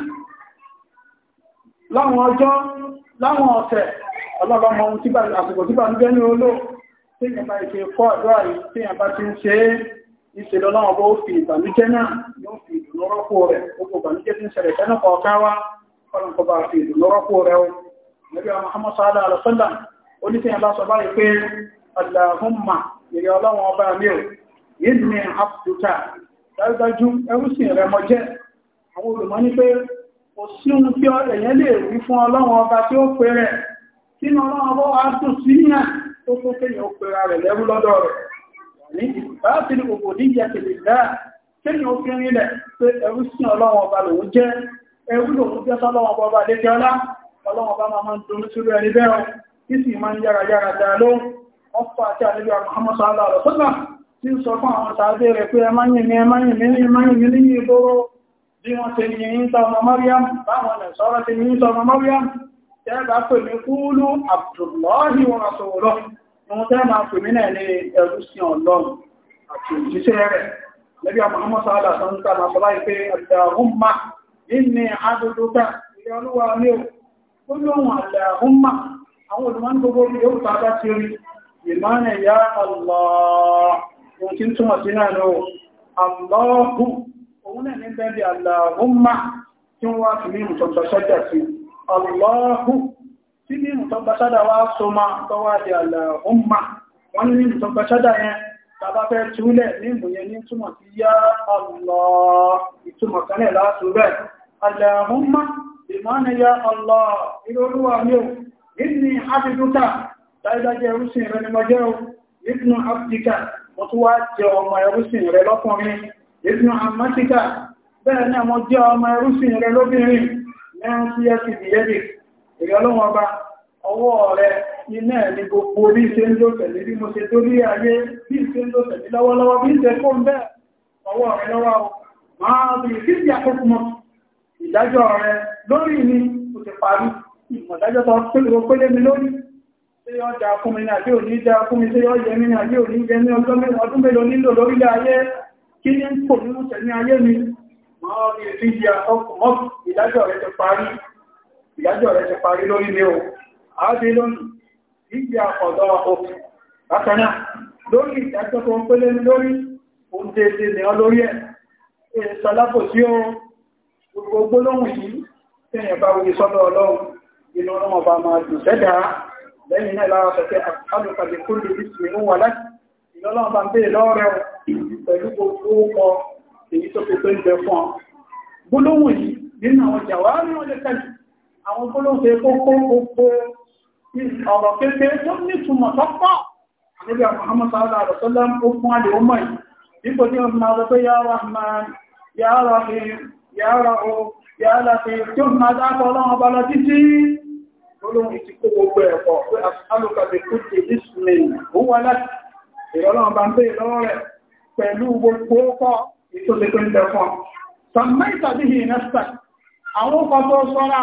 A: láwọn ọjọ́ láwọn ọ̀sẹ̀ ọlọ́ba mọ ohun tíbà àsìkò tíbà ń jẹ́ ní lọ́rọ́pò rẹ̀ gbogbo ìbànújẹ́ tí ń ṣẹlẹ̀ tẹ́nà kọ̀ọ̀ká wá kọ́nà kọba fi ìlú lọ́rọ́pò rẹ̀ Muhammad sallallahu alaihi wasallam oníṣẹ́ bá sọ báyìí Allahumma ìrẹ́ ọlọ́wọ́n ọba mi ò yìí ní àpùtà dájúdájú ẹrúsìn rẹ̀ mọ jẹ́ àwọn olùmọ́ ní pé kò sí ohun tí ẹ̀yẹ́ lè rí fún ọlọ́wọ́n ọba tí ó pè rẹ̀ sínú ọlọ́wọ́n tó tó kéèyàn ó pera rẹ̀ lẹ́rú lọ́dọ̀ rẹ̀ ní ìbáfin òbòdíjà tèlè dáa tẹ́yìn òfin nílẹ̀ pé ẹrú sí ọlọ́wọ́n ọba lòun jẹ́ ẹrú lòun jẹ́ sọ́lọ́wọ́n ọba lẹ́jẹ́ ọlá ọlọ́wọ́n ọba máa ń donú sílú ẹni bẹ́ẹ̀ tí sì máa ń yára yára dáa ló ọ̀pọ̀ àti àlejò àmọ́ sọ́lá ọ̀rọ̀ sọ́nà tí ń sọ fún àwọn tàbí rẹ̀ pé ẹ máa ń yìnbí ẹ máa ń yìnbí ẹ máa ń yìnbí ní ìgboro bí wọ́n ṣe yìnyín sọ ọmọ Mariam báwọn ẹ̀ sọ́rọ̀ ṣe yìnyín sọ ọmọ Mariam tẹ́ bá pè mí kúlú Abdullahi wọn àtòwòrọ̀ ohun tẹ́ máa pè mí náà àti òjíṣẹ́ rẹ̀ Nabi Muhammad sallallahu alaihi wasallam ta sọ láì pé àdàhùnmá inni àdúdúkà ilé olúwa ní ó lóhun àdàhùnmá àwọn olùmọ́ ní gbogbo yóò tàbá ti rí ìmánà ya Allah ohun tí ń túnmọ̀ tàbá fẹ́ túlẹ̀ ní ìmòyẹ ní túmọ̀ sí yá Allah ìtumọ̀ kanẹ̀ láti rẹ̀ alẹ́húnmá ìmọ̀ni yá Allah ìrọlúwà ní o ìdí àbìdúkà dájájẹ́ ẹrúsìn rẹ̀ ni mọ́jẹ́ o ìdínú àbìdíkà mo tún wá jẹ ọmọ ẹrúsìn rẹ̀ lọ́kùnrin ìdínú iná ẹni gbogbo bí ṣe ń lò tẹ̀lé bí mo ṣe tó rí ayé bí ṣe ń lò tẹ̀lé lọ́wọ́lọ́wọ́ bí ṣe kó ń bẹ́ ọwọ́ rẹ lọ́wọ́ máa bí i fífi àkókò mọ́ ìdájọ́ rẹ lórí mi kò ti parí ìmọ̀dájọ́ tó pélò pélé mi lórí ṣé yọ́ da fún mi ní àjẹ́ òní da fún mi ṣé yọ́ yẹ mi ní àjẹ́ òní yẹ mi ọdún mélòó nílò lórílẹ̀ ayé kí ní kò nínú tẹ̀lé ayé mi máa bí i fífi àkókò mọ́ ìdájọ́ rẹ ti parí lórí mi o àádé lónìí ìgbà ọ̀dọ́ ọ̀pọ̀ bákaná lórí ìdájọ́ tó ń pélé lórí oúnjẹ ilẹ̀ olórí ẹ̀ ìsọlápò tí ó gbogbo gbólóhùn yìí tẹ́yìn bá wí sọ́dọ̀ ọlọ́run inú ọlọ́run bá máa dùn sẹ́dá lẹ́yìn náà lára sọ̀tẹ́ alùpàdé kúrò ní ìsinmi wà láti ìlọ́lọ́run bá ń bèèrè lọ́rẹ̀ pẹ̀lú gbogbo ọkọ èyí tó fi pé ń bẹ ọ̀rọ̀ pépé tó ní túnmọ̀ tọ́pọ̀ níbi Muhammad sallallahu alaihi wasallam ó fún àdè ó mọ̀ yìí nígbò tí wọ́n máa lọ pé ya Rahman ya Rahim ya Ra'u ya Latif tí ó máa dákọ̀ ọlọ́run ọba lọ títí olóhun ti kó gbogbo ẹ̀kọ́ pé alùkàbẹ̀ kú ti ìsìnlẹ̀ ó wà láti ìrọ̀lọ́run bá ń pè lọ́wọ́ rẹ̀ pẹ̀lú gbogbo ọkọ̀ ìtòlẹ́gbẹ̀ ń bẹ̀ fún ọ. sàmẹ́ ìtàbí yìí nẹ́sà àwọn ọkọ̀ tó sọ́ra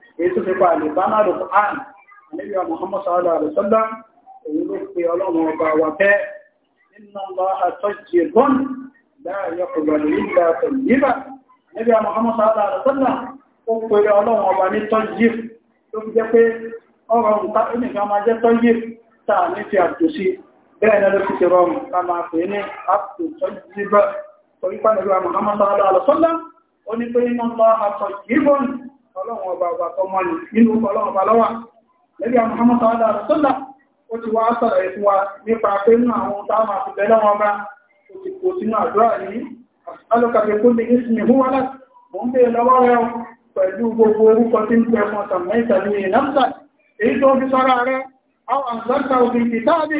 A: èyí tó fi pa àlèbámà rò fún àn àníbi ọmọ ọmọ sàálà rẹ̀ sọ́dọ̀ èyí ló pe ọlọ́run ọba wa bẹ́ nínú ọmọ àtọ́jì ẹ̀gbọ́n láàyè ọ̀gbọ̀n ìlà tẹ̀yìnbà níbi ọmọ ọmọ sàálà rẹ̀ sọ́dọ̀ ó pe ọlọ́run ọba ní tọ́jì tó fi jẹ́ pé ọrọ̀ nǹkan ènìyàn máa jẹ́ tọ́jì tá a ní fi àtòsí bẹ́ẹ̀ náà ló ti rọrùn ká máa pè ní àtòtọ́jì bá torí Muhammad sallallahu alaihi wa sallam ó ní pé ọlọ́run ọba ọba tọmọ ni nínú ọlọ́run ọba lọ́wà lẹ́bí àwọn ọmọ sọ́dá sọ́dá ó ti wá sọ̀rọ̀ ẹ̀fún wa nípa pé nínú àwọn tá a máa fi bẹ́ẹ̀ lọ́wọ́ ọba ó ti kò sínú àdúrà yìí alókàfẹ́ kó lè ní fún wa láti mò ń bèèrè lọ́wọ́ rẹ o pẹ̀lú gbogbo orúkọ tí ń pẹ́ fún ọ̀sán mẹ́ta ní ìnáfà èyí tó fi sọ́ra rẹ àwọn àǹsọ́ta òfin ìtàbí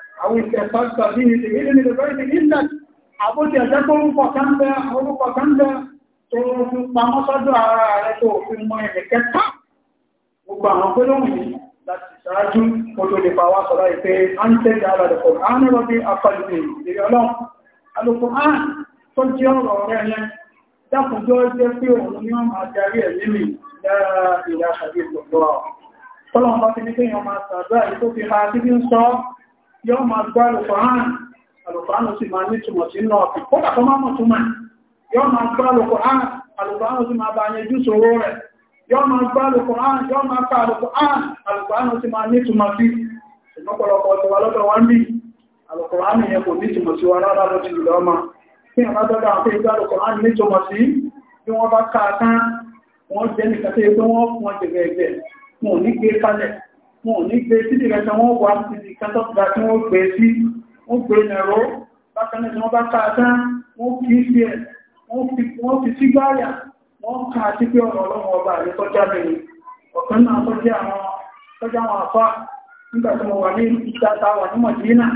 A: àwọn ìfẹ̀fẹ́ta bí i ìrìn ìrìnlẹ̀ ìlẹ̀ àbójì ẹ̀jẹ́ tó rúpọ̀ kánbẹ̀ orúpọ̀ kánbẹ̀ tó rúpọ̀ pamọ́ sọ́dọ̀ ara rẹ̀ tó fi mọ ẹ̀rẹ̀ kẹta gbogbo àwọn gbólóhùn yìí láti ṣáájú kó tó lè pàwá sọ́lá ìpé áńtẹ́jì alàdẹ̀kọ̀ ánìrọ̀bí apalùmí ìrìn ọlọ́run alùpùpù án tó jẹ́ ọ̀rọ̀ rẹ̀ yẹn dákùnjọ́ jẹ́ pé òun ni wọ́n máa darí ẹ̀ nílì lára yọ́ ma gba alùkọ̀án alùkọ̀án sì máa ní túnmọ̀ sí náà fi kódà kọ́ máa mọ̀ túnmọ̀ yọ́ máa gbọ́ alùkọ̀án alùkọ̀án sì máa bá yẹjú ṣòro ma yọ́ ma ka ma kí àwọn dọ́dọ̀ àwọn ìgbà alùkọ̀án wọn ò ní gbé sídì rẹ̀ṣẹ̀ wọ́n wà sídì kẹtọ́gbà tí wọ́n gbé sí wọ́n gbé nẹ̀rọ bákanẹ̀ ni wọ́n bá káàtá wọ́n kì í ṣe wọ́n fi sí gbáyà wọ́n ká sí pé ọ̀rọ̀ ọlọ́run ọba àrí tọ́já bẹ̀rẹ̀ ọ̀kan náà àwọn àwọn nígbà tí mo wà ní wà ní mọ̀dínà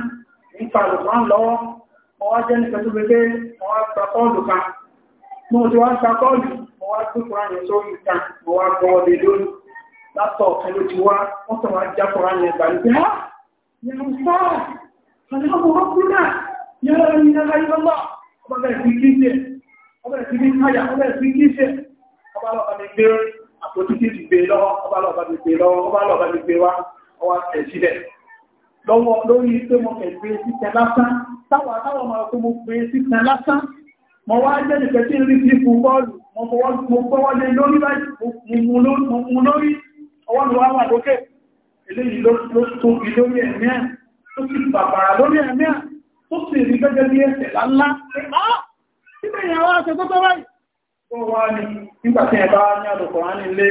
A: lọ́wọ́ gba kọ́ọ̀lù kan mo ti wá gba kọ́ọ̀lù mo wá gbé kúrò ìta mo wá gbọ́ látọ̀ ọ̀kan ló ti wá wọ́n tàn wá jákọ̀ọ́ àyẹ̀ ìgbà ní pé á ah, yẹ̀rù sáà àdáwọ̀ ọkùnrin náà yẹ́rọ ní ara ìlọ́lọ́ ọba bẹ̀rẹ̀ sí kí ṣe ọba bẹ̀rẹ̀ sí kí ṣáyà ọba bẹ̀rẹ̀ sí kí ṣe ọba lọ́ba mi gbé àpótí tí gbé lọ́wọ́ ọba lọ́ba mi gbé lọ́wọ́ ọba lọ́ba mi gbé wá ọwá tẹ̀ sílẹ̀ lọ́wọ́ lórí pé mo kẹ̀ gbé síta lásán táwọn àtàwọn máa kó mo gbé síta lásán mo wá jẹ́ nìkan tí rí sí fún bọ́ọ̀lù mo fọwọ́ lórí báyìí mú lórí ọwọ́ ni wọ́n wà lókè eléyìí ló tóbi lórí ẹ̀mí ẹ̀ tó sì bàbàrà lórí ẹ̀mí ẹ̀ tó sì rí gẹ́gẹ́ bí ẹsẹ̀ láńlá nígbà yẹn wá ṣe tó tó báyìí tó wá ní nígbà tí ẹ bá ní àlùkùránì nílé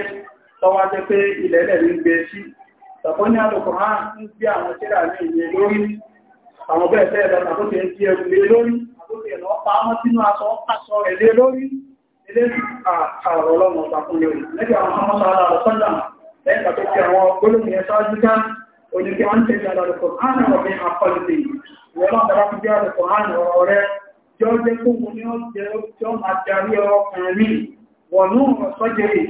A: lọ́wọ́ jẹ́ pé ilẹ̀ ilẹ̀ rí gbé sí tàbọ́ ní àlùkùránì ń gbé àwọn tíra ní ìyẹn lórí àwọn bẹ́ẹ̀ bẹ́ẹ̀ lọ tàbó ti ń di ẹrù lé lórí àbó ti ẹ̀nà ọpa mọ́ àrọ̀ ọlọ́run ọ̀pá lẹ́yìn tó fi àwọn olóògùn yẹn ṣáájú ká òní kí wọ́n ń tẹ̀lé àlọ́lùkọ̀ hánà ọ̀bẹ àkọlùdì ìwọ́n náà bá fi jẹ́ àlùkọ̀ hánà ọ̀rọ̀ rẹ jọ jẹ́ kó wọn ni ó jẹ́ tí ó máa darí ọkùnrin mi wọ̀nú ọ̀sọ́jẹ̀rì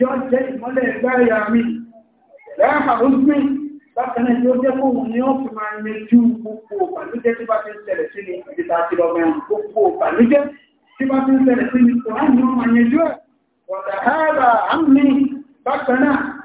A: jọ jẹ́ ìmọ́lẹ̀ ẹgbẹ́rẹ́ mi ni wọ́n fi máa ń yanjú gbogbo ìbànújẹ́ tí bá ti ń ṣẹlẹ̀ sí ni ìdìbò àti ọmọràn gbogbo ìbànújẹ́ tí bá ti ń ṣẹlẹ̀ sí ni kò á ní wọn máa yanjú ẹ̀ wọ̀dà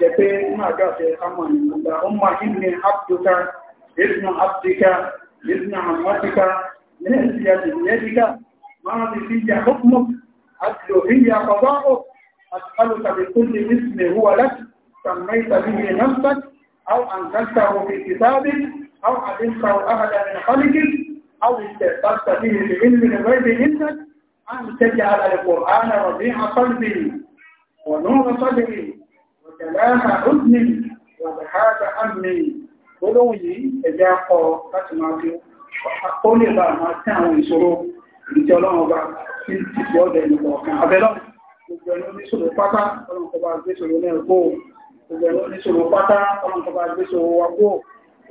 A: jẹ́ pé máa gáfẹ́ àmọ́ ìgbà ọmọ ìbìnrin abdùka ìbìnà abdùka ìbìnà àmọ́tíka lẹ́yìn ìyẹ́díkà máa ti fi ìyà ọkùnmọ́ àti òhìyà ọgbọ́rọ̀ àti alùtàbí tó lè ní ìsìnlẹ̀ hùwà láti sàmì tàbí yẹn náà أو أنزلته في كتابك أو علمته أحدا من خلقك أو استأثرت به بعلم الغيب عندك أن تجعل القرآن ربيع قلبي ونور صدري jàláhà rúdìní wàdàhádà àmì olóhùn yìí ẹ̀jẹ̀ akọ láti máa fi ó lè bá máa tí àwọn ìṣòro ìjọ ọlọ́run ọba tí ti fi ọdẹ ìlú ọ̀kan abẹ́lọ́ gbogbo ẹni oníṣòro pátá ọlọ́run ọba gbéṣòro náà kó gbogbo ẹni oníṣòro pátá ọlọ́run ọba gbéṣòro wa kó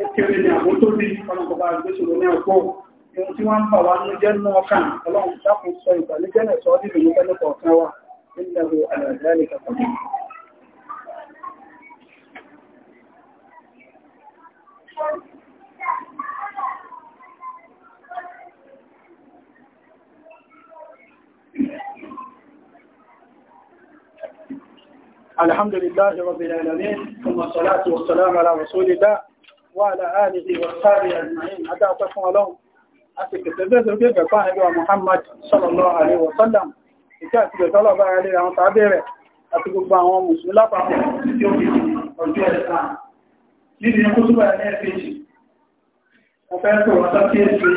A: ó kéré ní àbó tó bí ọlọ́run ọba gbéṣòro náà kó ohun tí wọ́n ń bà wá ní jẹ́ nínú ọkàn ọlọ́run dákun sọ ìgbàlejẹ́lẹ̀ sọ ọ́ nílùú nípa nípa ọ̀kan wa nílẹ̀ àlàyé الحمد لله رب العالمين ثم الصلاة والسلام على رسول الله وعلى آله وصحبه أجمعين حتى أتفهم لهم أتكتبت وكيف صاحب محمد صلى الله عليه وسلم ìkẹ́ àti ìgbẹ̀tọ́lọ̀ níbi ní kútùbà ní ẹ̀kẹ́jì ọ̀fẹ́ pẹ̀ wọ́n sáfíẹ́sì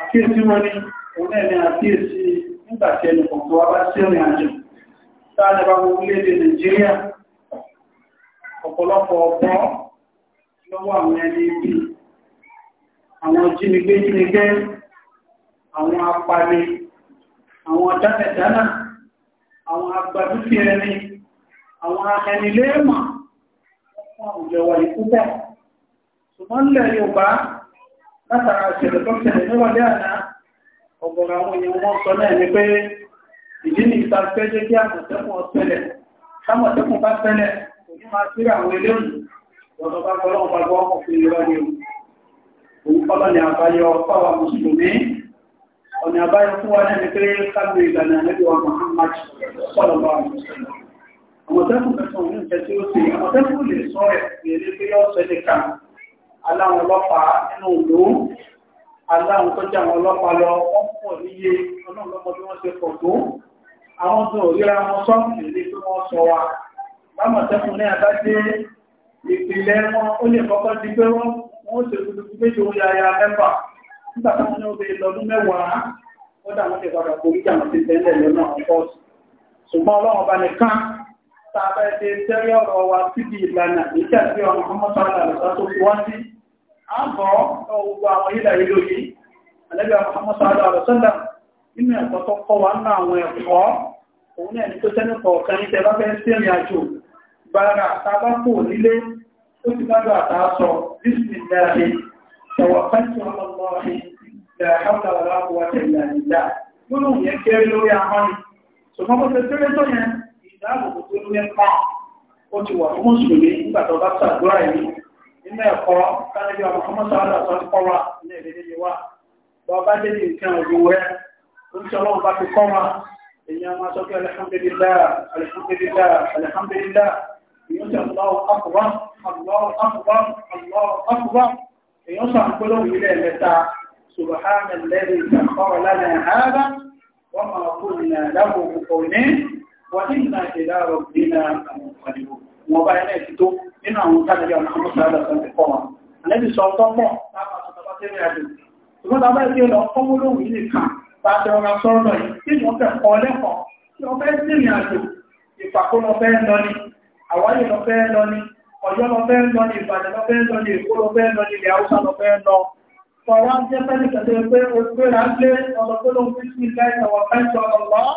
A: àkíyèsí wọ́n ní òun ẹ̀mí àkíyèsí nígbàtí ẹni kọ̀ọ̀kan wá bá sí ìrìn àjò láàrin bá gbogbo léde Nàìjíríà ọ̀pọ̀lọpọ̀ ọ̀pọ̀ lọ́wọ́ àwọn ẹni ibi àwọn jínigbé jínigbé àwọn apani àwọn dánẹ̀dánà àwọn agbadúfẹ́ ẹni àwọn ẹni léèmọ̀ àwùjọ wa yìí púpọ̀ ṣùgbọ́n nílẹ̀ Yorùbá látara ìṣẹ̀lẹ̀ tó ṣẹlẹ̀ níwọ̀lẹ́ àná ọ̀gọ̀rọ̀ àwọn èèyàn wọn sọ náà ni pé ìdí ni ìtafẹ́ jẹ́ kí àmọ̀tẹ́kùn ọ̀tẹ́lẹ̀ támọ̀tẹ́kùn bá tẹ́lẹ̀ kò ní máa síra àwọn eléyìí lọ́dọ̀ bá gbọ́ lọ́wọ́ bá gbọ́ ọkọ̀ fún irọ́ ni òun kọ́lọ́ ni àbáyọ fáwọn mùsùlùmí ọ̀nà àbáyọ fún wa náà ni pé kágbé ìlànà àlejò wa Muhammad àwọn tẹ́kù kẹsàn ní ìfẹ́ tí ó ṣe àwọn tẹ́kù lè sọ ẹ̀ ní ilé pé yọ́ ṣẹlẹ̀ kan aláwọn ọlọ́pàá nínú òlò aláwọn tó jẹ́ àwọn ọlọ́pàá lọ wọ́n pọ̀ níye ọlọ́run lọ́mọ bí wọ́n ṣe pọ̀ tó àwọn tó ríra wọn sọ ìrèlé pé wọ́n sọ wa báwọn tẹ́kù ní àbájé ìpìlẹ̀ wọn ó lè kọ́kọ́ di pé wọ́n tàbẹ́ ṣe tẹ́rí ọ̀rọ̀ wa síbi ìlànà ìṣẹ́sí ọmọ ọmọsára àlùsá fi wọ́n sí àbọ̀ ọgbogbo àwọn ilẹ̀ ìlú yìí alẹ́gbẹ̀ ọmọsára àlùsọ́dà nínú òun náà lórí yẹn ìdáàbòbò tó ní mẹ́fà ó ti wà fún mùsùlùmí nígbà tó bá ṣàdúrà yìí nínú ẹ̀kọ́ kánájú ọmọ ọmọ sáádà tó ti kọ́ wa ní èdèdè wa bọ́ bá dé ní nǹkan ọ̀gbìn rẹ ó ti ọlọ́run bá ti kọ́ wa èèyàn máa sọ pé alihamdulilayi alihamdulilayi alihamdulilayi èèyàn sọ Allahu akbar Allahu akbar Allahu akbar èèyàn sọ àpolówó وإنا إلى ربنا منقلبون وبين إتو إن أن كان يوم خمس على سنة قوة النبي صلى الله عليه وسلم ṣùgbọ́n tàbí ẹgbẹ́ ìlọ fọ́múlòwò ilé kan tàbí ọ̀rọ̀ sọ́rọ̀ yìí tí wọ́n fẹ́ kọ́ lẹ́kọ̀ọ́ tí wọ́n fẹ́ sí àjò ìpàkó lọ fẹ́ lọ ní àwáyé lọ fẹ́ lọ ní ọ̀yọ́ lọ fẹ́ lọ ní ìbàdàn lọ fẹ́ lọ ní èkó lọ fẹ́ lọ ní ilẹ̀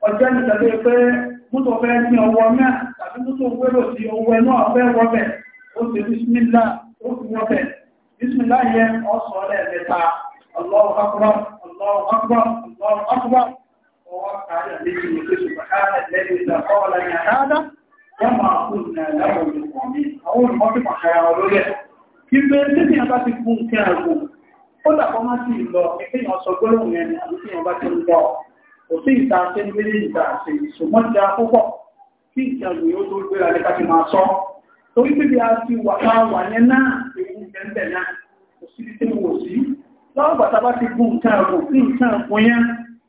A: Ọjọ́ ìtàlẹ́ pé mútò fẹ́ ní ọwọ́ náà tàbí mútò wérò sí o ẹ̀nà ọ̀fẹ́ wọ́bẹ̀, ó ti bísmìlá, ó fi wọ́bẹ̀. Bísmìlá yẹ akbar, akbar, akbar, Ẹmà àkúnnà láwọn olùkọ́ ní àwọn olùkọ́ tí pàṣẹ àwọn olórí ẹ̀. Kí pé títí ẹ̀ bá ti fún kí ẹ̀rùn, ó dàpọ̀ má sí ìlọ ìpínyàn sọ gbọ́lọ́hùn ẹni àti tí ẹ̀ bá ti ń bọ̀. Kò sí ìta ṣe ń gbélé ìta ṣe ìṣùgbọ́n ti akópọ̀ kí ìjọba a ti wà ká wà yẹn náà, èyí ń bẹ̀ náà, kò sí ti tẹ́wọ̀ sí. Lọ́wọ́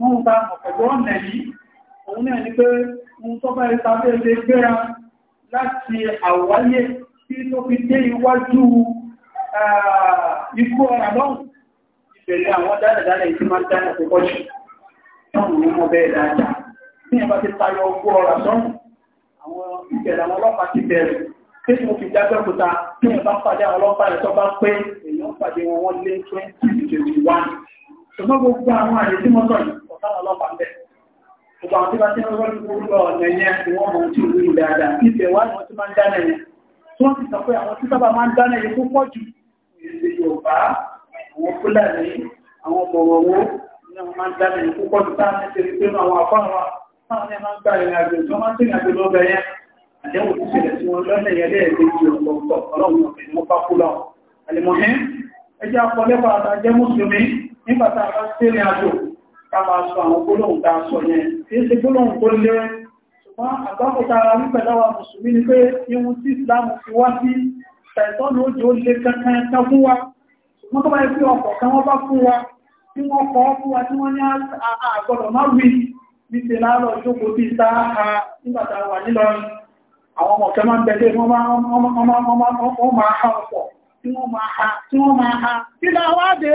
A: wọ́n ta ọ̀pẹ̀lú ọ̀nà yìí òun náà ni pé ohun tó bá ẹta bẹ́ẹ̀ lè gbéra láti àwáyé tí tó fi dé iwájú ikú ọ̀rà lọ́hùn ìbẹ̀rẹ̀ àwọn dáadáa ìdí máa dáadáa tó kọjú tọ́hùn ní mọ́ bẹ́ẹ̀ dáadáa ní ẹ̀bá ti tayọ ogún ọ̀rà sọ́hùn àwọn ìbẹ̀rẹ̀ àwọn ọlọ́pàá ti bẹ̀rẹ̀ tí mo fi dájọ́ kúta tí ẹ̀bá pàdé àwọn ọlọ́pàá rẹ̀ tó bá pé èèyàn pàdé wọn wọ́n lé 2021 ṣùgbọ́n gbogbo àwọn àyè tí mo sọ yìí sáwọn ọlọ́pàá bẹ̀. Gbogbo àwọn tí wọ́n ti ń rọ́lù gbogbo ọ̀nà yẹn ni wọ́n mọ̀ tí òun dáadáa. Ibẹ̀ wá ni wọ́n ti máa ń dáná yẹn. Tí wọ́n ti sọ pé àwọn tí sábà máa ń dáná yẹn púpọ̀ jù. Èdè Yorùbá, àwọn Fúlàní, àwọn Mọ̀wọ̀wó ni wọ́n máa ń dáná yẹn púpọ̀ jù táwọn ti rí pé àwọn afọ́nwá táwọn máa ń gbà ìrìn àjò tí wọ́n máa ń tìrìn àjò lọ́bẹ̀ yẹn. Àdéhùn ti ṣẹlẹ̀ sí wọn lọ́nà yẹn káàmà sọ àwọn gbólóhùn tá a sọ yẹn kì í ṣe gbólóhùn tó lé ṣùgbọ́n àgbákòta ara ní pẹ̀láwà mùsùlùmí ni pé ihun tí ìsìláàmù fi wá sí tẹ̀tọ́nù ojú ó lé kankan kan fún wa ṣùgbọ́n tó bá yẹ pé ọkọ̀ kan wọ́n bá fún wa tí wọ́n kọ́ fún wa tí wọ́n ní àgbọ̀dọ̀ má wí níṣe láàárọ̀ ìjókòó bí sáà nígbà tá a wà nílọrin àwọn ọmọ ọ̀kẹ́ máa ń bẹ̀lẹ̀ wọ́n máa ha ọ̀pọ̀ tí wọ́n máa ha tí wọ́n máa ha kí láwádé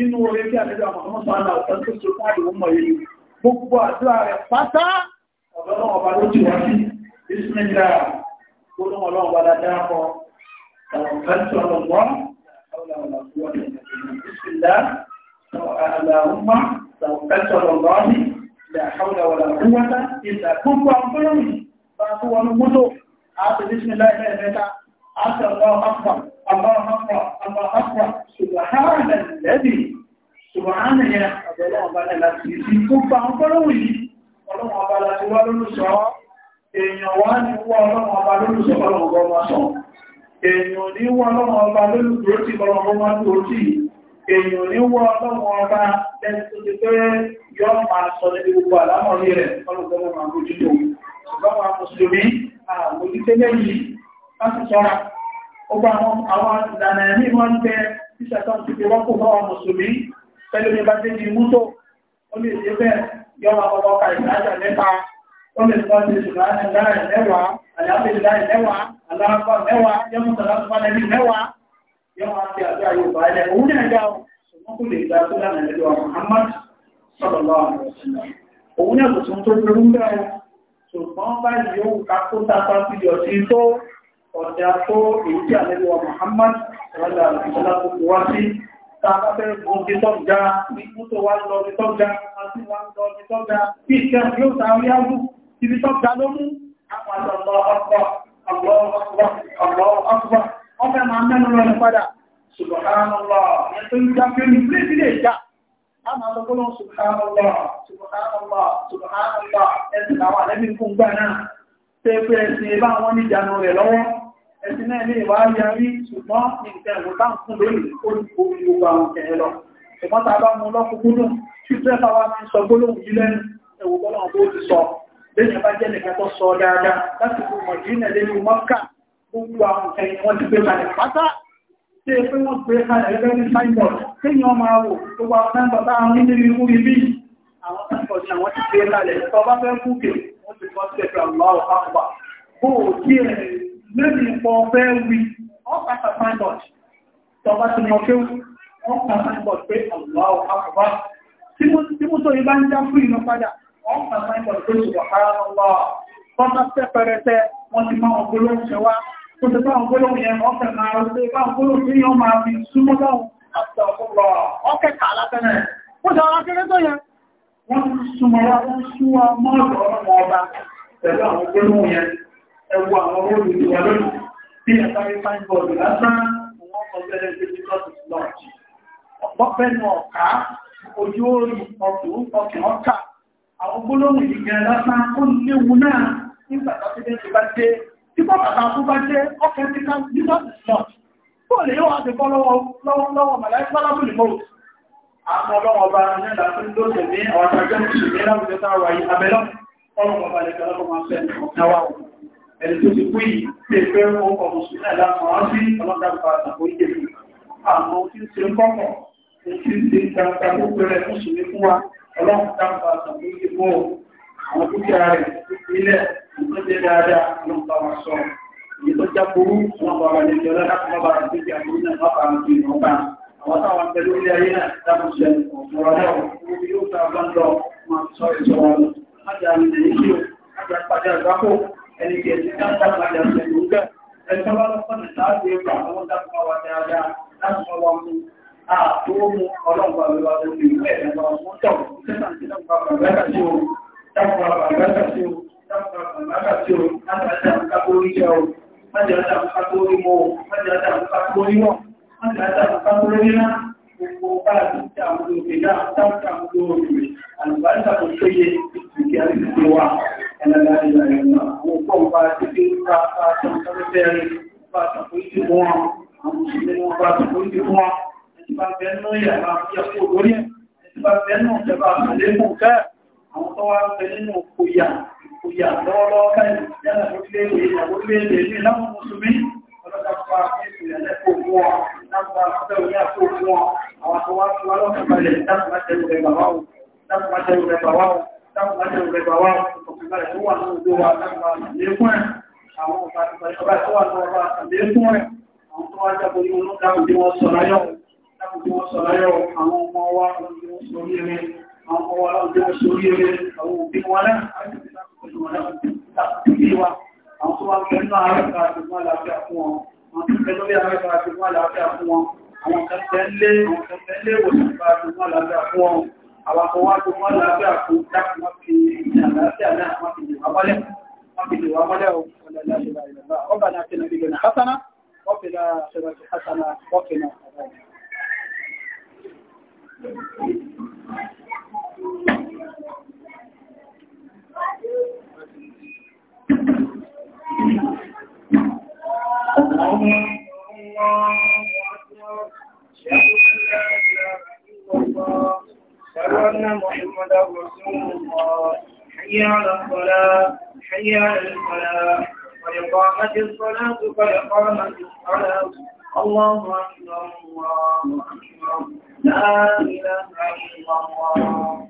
A: inú orí bí àtẹ́jọ́ àmọ́ sọ́nà ọ̀tọ́ tó ṣe fún àdìwọ́ mọ̀ yìí gbogbo àdúrà rẹ̀ pátá ọ̀dọ́nà ọba ló ti wá sí ìsìnlẹ̀ gbogbo ọlọ́run bá dáadáa kọ àwọn kẹ́sì ọlọ́gbọ́n Àti ìdíṣẹ́ láìpẹ́ ẹ̀mẹ́ta, àti ọ̀gá ọ̀pọ̀ الله أكبر الله أكبر سبحان الذي سبحان يا ọ̀dọ́lọ́wọ́ bá lẹ́la sí sí gbogbo àwọn ọlọ́wọ́ yìí ọlọ́wọ́ bá la ti wá lólùsọ èèyàn wá ní wọ́ ọlọ́wọ́ bá lólùsọ ọlọ́wọ́ bá sọ èèyàn ní wọ́ ọlọ́wọ́ bá lólùsọ tí ọlọ́wọ́ bá tó tí èèyàn ní wọ́ ọlọ́wọ́ bá lẹ́ni tó ti pé yọ́ máa sọ ní gbogbo àlámọ̀rí rẹ̀ ọlọ́wọ́ bá máa bójútó ṣùgbọ́n a mùsùlùmí àwọn òjíṣẹ́ lẹ́yìn láti sọ́ra ọgbà àwọn ìlànà ẹ̀mí wọ́n ń bẹ ìṣẹ̀tàn ti fi wọ́pọ̀ bá wọn mùsùlùmí pẹ̀lú ní bá débi mútó ó lè ṣe bẹ́ẹ̀ yọ́wọ́ ọkọ̀ ọkà ìdájà mẹ́ta ó òun náà dá o ṣùgbọ́n kò lè dá tó lánàá lẹ́dọ̀ Muhammad sọ̀rọ̀lọ́ òun náà kò tún tó burú bẹ́ẹ̀ ṣùgbọ́n báyìí yóò ká kó tápá sí tó ọ̀dà tó èyí tí àlẹ́lẹ́ wa Muhammad rọ́lá ìṣẹ́lá tó kò wá sí tàbá fẹ́ gun ti tọ́ ga ní mútò wá lọ ti tọ́ ga àti wá lọ ti tọ́ ga bí ìṣẹ́ yóò sáré áwú ti fi tọ́ ga ló mú àpàtàlọ́ ọkọ̀ ọ̀gbọ́ ọ̀gbọ́ ọ̀gbọ́ ọ̀fẹ́ máa mẹ́nu rẹ̀ ní padà subhanallah yẹn tó ń já pé ní pílé sílé ìjà a máa lọ gbọ́dọ̀ subhanallah subhanallah subhanallah ẹ̀sìn àwọn àlẹ́bí fún gbà náà pé pé ẹ̀sìn bá wọn ní ìjánu rẹ̀ lọ́wọ́ ẹ̀sìn náà lè wá yarí ṣùgbọ́n nǹkan ẹ̀rọ bá ń kún lórí olùkó gbogbo àwọn kẹ̀ẹ́ lọ ṣùgbọ́n ta bá mú lọ́kùnkúndùn tí tẹ́ta wa máa ń sọ gbólóhùn yìí lẹ́nu ẹ̀wọ̀ bọ́lọ́run tó ti sọ lẹ́yìn bá jẹ́ nìkan tó sọ dáadáa láti fún mọ̀jínà lẹ́nu mọ́kà gbogbo àwọn kẹ̀yìn wọn ti gbé kalẹ̀ pátá tí ẹ pé wọ́n gbé kalẹ̀ ẹgbẹ́ ní simon kéèyàn máa wò tó wà fún bàbá àwọn nínú irú ibi àwọn simon ni àwọn ti gbé kalẹ̀ tó bá fẹ́ kúkè wọ́n ti kọ́ sí ẹ̀fẹ̀ àwọn àwọn àpapọ̀ bó o kí ẹ̀rìn lórí ipò ọ̀fẹ́ wí ọ̀pàtà pàndọ̀t tọba ti mọ̀ kéwù ọ̀pàtà pàndọ̀t pé ọ̀lọ́wọ́ àkọ́bá tí mú tó ibá ń já fún ìlú padà ọ̀pàtà pàndọ̀t pé ṣùgbọ́n ara lọ́wọ́ tọ́ta tẹ́ pẹrẹtẹ wọ́n ti máa ń gbólóhùn ṣe wá tó ti báwọn gbólóhùn yẹn ọ̀fẹ́ máa ń gbé báwọn gbólóhùn tí yóò máa fi súnmọ́ báwọn àtọ̀kùnlọ̀ ọ̀kẹ́ kà ẹwọ àwọn owó ìlú wà lónìí bí ẹ̀sárí fáìbọ̀dù lásán wọ́n kọ bẹ́rẹ̀ sí ti lọ́sì lọ́ọ̀jì ọ̀pọ̀ fẹ́nu ọ̀ká ojú orí ọkùn ọkùn ọkà àwọn gbólóhùn ìgbẹ̀ lásán kó léwu náà nígbà tó bá dé tí bọ́ bàbá tó bá dé ọkẹ́ ti ká ní lọ́sì lọ́ọ̀jì tó lè yíwá ti bọ́ lọ́wọ́ màláìsí lábùlì mọ́ọ̀tù àwọn ọlọ́wọ́ bá ní ìlàfin lóṣè ní àwọn àjọ ìṣèlérà òjò tá a wà yí abẹ́lọ́ ọlọ́wọ́ bá lè kẹ́lọ́kọ́ máa fẹ́ náwà ẹni tó ti kú yìí lè fẹ́ wọn ọkọ̀ mùsùlùmí àlámọ̀ á sí ọlọ́dàgbà àtàkó ìjẹ̀ àmọ́ tí ń ṣe kọ́kọ̀ tí ń ṣe gbangba gbogbo rẹ̀ mùsùlùmí fún wa ọlọ́dàgbà àtàkó ìjẹ̀ mọ́ àwọn dúkìá rẹ̀ ilẹ̀ tó jẹ́ dáadáa ló ń bá wa sọ èyí tó já burú wọn bá wa lè jọ lọ́dàkùn bá wa lè jẹ́ àbúrú náà má bàa lè jẹ́ ìwọ̀n bá àwọn táwọn pẹ̀lú ilé ayé náà dákùn ṣe ọ̀rọ̀ náà wọ́n yóò ta bá ń lọ máa sọ ìṣọ́ra lọ. má jẹ́ àmì ẹni tí ẹni ká sá padà pẹ̀lú bẹ́ẹ̀ ẹjọ́ bá lọ sọ́nà láti ẹgbà àwọn dákọ̀ wa dáadáa láti mọ́ wa mú àtúwò mú ọlọ́gbà lọ́wọ́ tó fi ìwé ẹ̀ lọ fún tọ̀ sẹ́nà tí náà bá bàbá kà sí o dákọ̀ bàbá kà sí o dákọ̀ bàbá kà sí o láti àti àmúká tó rí jẹ o láti àti àmúká tó rí mọ o láti àti àmúká tó rí mọ láti àti àmúká tó rí ná gbogbo bá a ti tẹ àwọn olùgbé náà táwọn àwọn olùgbé àlùbáríkà tó péye ìgbìyànjú wa ẹlẹ́dàá ìlà ìlà àwọn pọ̀ bá ti fi ń ká àtọ̀ sọ́lẹ́bẹ̀rẹ̀ bá tàkó ìdí fún wọn àwọn òṣèlú wọn bá tàkó ìdí fún wọn ẹni bá fẹ́ nú ìyàrá àfíyàkó lórí ẹni bá fẹ́ nú ìjọba àlékún kẹ́ àwọn tó wá fẹ́ nínú kòyà kòyà lọ́wọ́lọ́wọ́ báyìí yálà orílẹ̀-èdè ìyàwó orílẹ̀-èdè ní láwọn mùsùlùmí ọlọ́dàpá ìpìlẹ̀ lẹ́kọ̀ọ́ fún wọn láwọn afẹ́ òní àpò fún wọn àwọn tó wá fún wọn lọ́kàn balẹ̀ láti má ìbára tó wà ní ojú wa lágbà ẹ̀ àwọn ọba tó wà ní ọba lékún ẹ̀ àwọn tó wá jábọ̀ ní ọdún dáhùn bí wọ́n sọ láyọ̀ dáhùn bí wọ́n sọ láyọ̀ àwọn ọmọ wa ọdún bí wọ́n sọ orí àwọn ọmọ wa ọdún bí wọ́n sọ orí ẹ̀rẹ́ àwọn òbí wọn náà àti ìdáhùn pẹ̀lú wọn náà àwọn tó wá pẹ̀lú àárẹ́ta àti fún àlàáfíà fún wọn àwọn tó pẹ̀lú àárẹ́ta àti fún àlàáfíà fún àwọn àwọn ọmọ wa tó mọ́ lábẹ́ àpò dákùn wọ́n fi àlàáfíà náà wọ́n fi lè wá mọ́lẹ̀ wọ́n fi lè wá mọ́lẹ̀ ọ̀gbọ̀n láti ra ìrọ̀lá ọba náà fi nàbí lọ́nà hasana wọ́n fi ra ṣẹlẹ̀ sí hasana أن محمد رسول الله حي على الصلاة حي على الفلاح وإقامة الصلاة فإقامة الصلاة الله أكبر الله أكبر لا إله إلا الله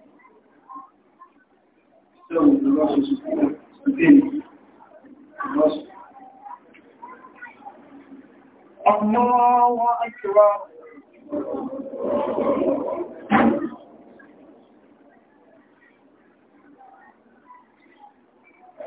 A: الله أكبر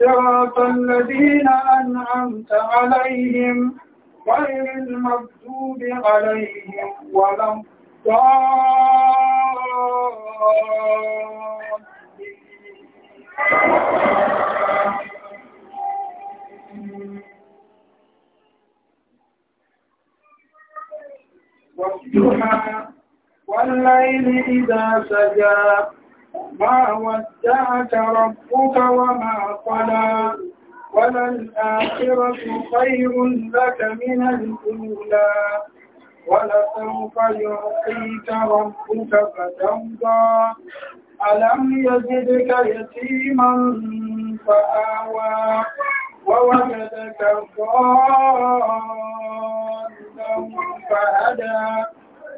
A: صراط الذين أنعمت عليهم غير المغضوب عليهم ولا والضحى والليل إذا سجى ma wadda rabbuka wa ma qala walan akhiratu khayrun laka min al-ula wala sawfa yu'tika rabbuka fatamba alam yajidka yatiman fa'awa wa wajadaka dhalla fa'ada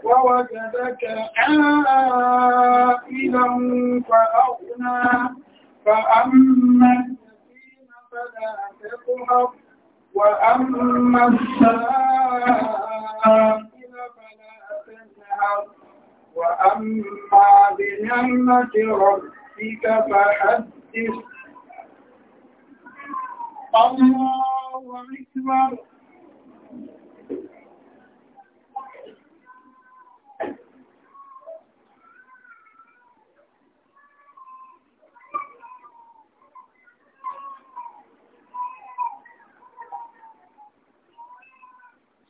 A: ووجدك عائلا فأغنى فأما اليتيم فلا تقهر وأما السائل فلا تنهر وأما بنعمة ربك فحدث الله أكبر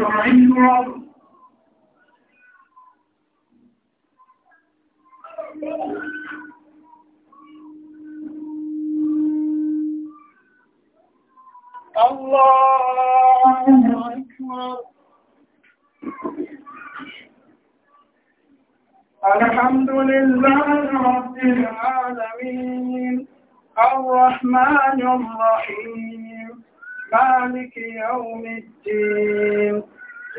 A: sọ̀rọ̀ inú ọ̀rọ̀. الحمد لله رب العالمين الرحمن الرحيم مالك يوم الدين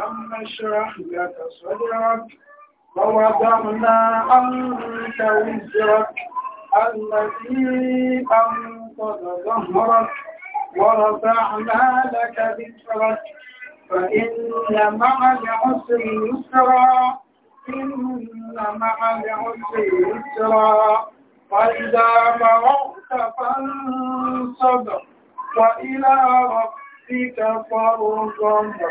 A: اللهم اشرح لك صدرك ووضعنا عنك وزرك الذي أنقض ظهرك ورفعنا لك ذكرك فإن مع العسر يسرا إن مع العسر يسرا فإذا فرغت فانصب وإلى ربك فارغب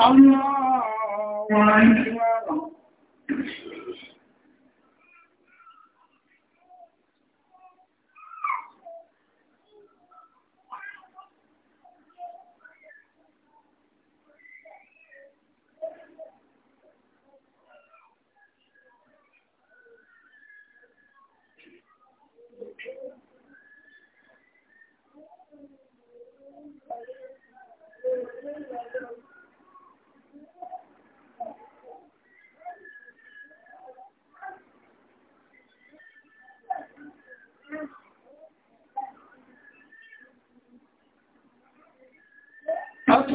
A: الله أكبر